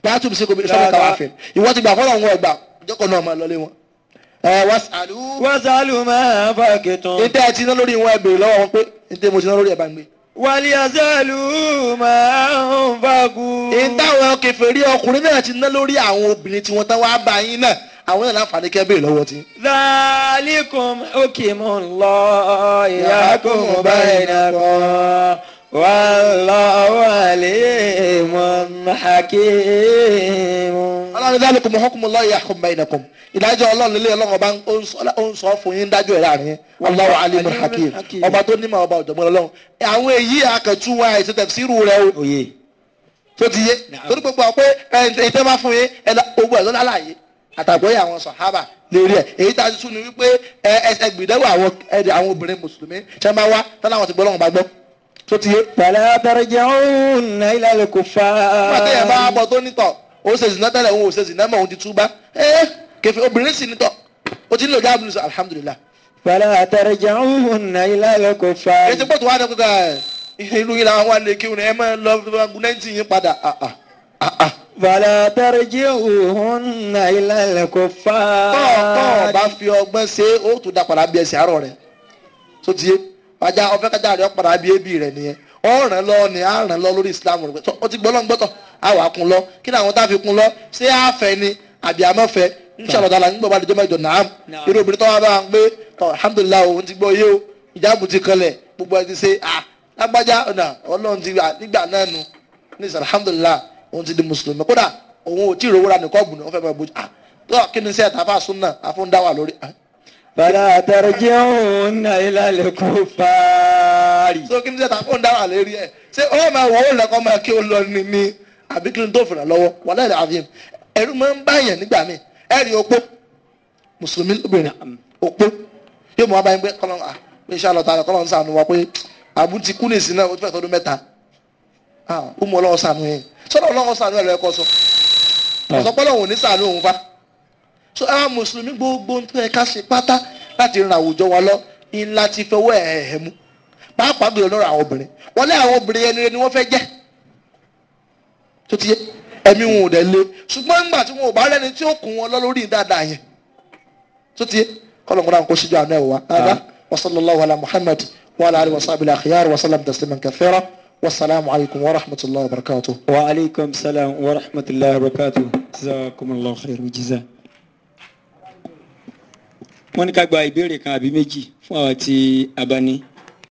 látùbí sí kòmí sọ́dọ̀ káwá fẹ́ ìwọ́n ti gbà fọ́lọ́ wọn ọgbà jọ́kọ̀ náà máa lọlé wọn ẹ wàsàlù. wàsàlù máa bá kẹtàn. ìdá ẹ ti ná lórí wọn ẹ béèrè lọ́wọ́ wọn pé ìdá mo ti ná lórí ẹ bá ń gbé. wàlíàsàlù máa ń fagù. ìtàwọn kèfèrí ọkùnrin náà ti ná lórí àwọn obìnrin tí wọ́n tán wàá bá yín náà àwọn náà láǹfààní kẹ́ béèrè lọ́wọ́ tí. dàlíkùn òkè mọ̀ ń lọ ìyá kò mọ̀ báyìí náà kọ́. Wallahu alimun hakim. Ọlọ́run dhalikum hukmullahi yahkum bainakum. Ìdájọ́ ọlọ́run nílé ọlọ́run ọba ń sọ fún yín dájọ́ ẹ̀ láàrin. Wallahu alimun hakim. Ọba tó nímọ̀ ọba ọ̀jọ̀gbọ́n ọlọ́run. Àwọn èyí akẹ̀tù wa àìsí tafsiru rẹ̀ o. Tó ti yé. Torí gbogbo àwọn pé ìtẹ́ bá fún yín ẹ̀dá ogun ẹ̀ lọ́lá láàyè. Àtàgbọ́yé àwọn sàhábà lérí ẹ̀. Èyí tá a ti tún ni wípé ẹgbìdẹ́wò àwọn obìnrin mùsùlùmí ṣẹ́ máa wá tọ́lá àwọn ti gbọ́ lọ́wọ́ bá gbọ́ tó ti yé. pẹ̀lẹ́ abẹ́rẹ́ jẹ́ òun náà ilẹ̀ lè kó fa. nígbà tí ẹ̀ bá bọ̀ tó nítọ̀ ó ṣe zìnà tẹ́lẹ̀ òun ò ṣe zìnà mọ̀ òun ti túbá ẹ́ kẹfẹ́ obìnrin sì nítọ̀ ó ti nílò jáàbù ní sọ alhamdulillah. pẹ̀lẹ́ abẹ́rẹ́ jẹ́ òun náà ilẹ̀ lè kó fa. ètò pọ̀ tó wà nípa ìlú yìí làwọn wà lè kí ẹ máa lọ gúnẹ́ǹtì yín padà fàlà tẹ́rẹ́jì òhun náà ilẹ̀ kò fà á. tọ́ tọ́ bá fi ọgbọ́n ṣe ó tún dá ajá ọfẹ́ kájà rẹ̀ padà bí ebi rẹ̀ nìyẹn ọ̀ràn lọ ni àràn lọ lórí islam rẹ̀ pẹ̀tọ́ ó ti gbọ́ lọ́ngbọ́tọ̀ àwa kun lọ kí ni àwọn tá a fi kun lọ ṣé àfẹ́ ni àbí àmọ́fẹ́ nṣàlọ́dà la nígbà wàá dìjọ́ mẹ́jọ nàám irú obìnrin tó wà bá ń gbé alhamdulilayi òun ti gbọ́ yé o ìjáàbù ti kanlẹ̀ gbogbo ẹ ti ṣe ah lágbájá ọ̀nà ọlọ́run ti nígbà náà nu ní sàn alhamdulilayi òun ti di mùsùlùmí kódà òun ò tí ì rówó ra nìkọ́ bùnú wọn fẹ́ máa bójú ah kí ni sẹ́yà tá a fà sún náà àfọ̀ǹdáwà lórí fàlà àtàrẹ̀jẹ́ òun náà ilà lè kó fàárì. so kí ni sẹ́ta fún dára lérí ẹ̀ ṣé ó máa wò ó lẹ́kọ́ máa kí ó lọ ní ní àbí kí ni tó fìrà lọ́wọ́ wà láì àfihàn ẹ̀rú máa ń báyàn nígbà míì ẹ̀rí opó mùsùlùmí lóbìnrin opó yóò mú wa báyìí pé kọ́lọ́n à pé iṣẹ́ àlọ́ta rẹ̀ kọ́lọ́n sànù wa pé àbú ti kú nìsín náà ó ti fẹ́ tọdún mẹ́ta ó mú ọlọ́wọ́ sànù so àwọn mùsùlùmí gbogbo ń tó ẹ ká ṣe pátá láti ran àwùjọ wa lọ ńlá ti fọwọ́ ẹ̀ ẹ̀ mú pàápàá gbèrò lọ́rọ̀ àwọn obìnrin wọ́n lé àwọn obìnrin ẹni rẹ ni wọ́n fẹ́ jẹ́ tó ti yé ẹ̀mí wọn ò dẹ̀ le ṣùgbọ́n nígbà tí wọn ò bá rẹ́ni tí ó kún wọn lọ lórí dáadáa yẹn tó ti yé kọ́lọ̀kọ́lá ń kó síjú àná ẹ̀ wá rárá ala muhammad wa ala alihi wa sahbihi akhyar tasliman kathira wasalaamu alaykum wa rahmatulahi wa barakatuh. wa aleykum salaam wa rahmatulahi wa barakatuh wọ́n ní ká gba ìbéèrè kan àbí méjì fún àwa tí a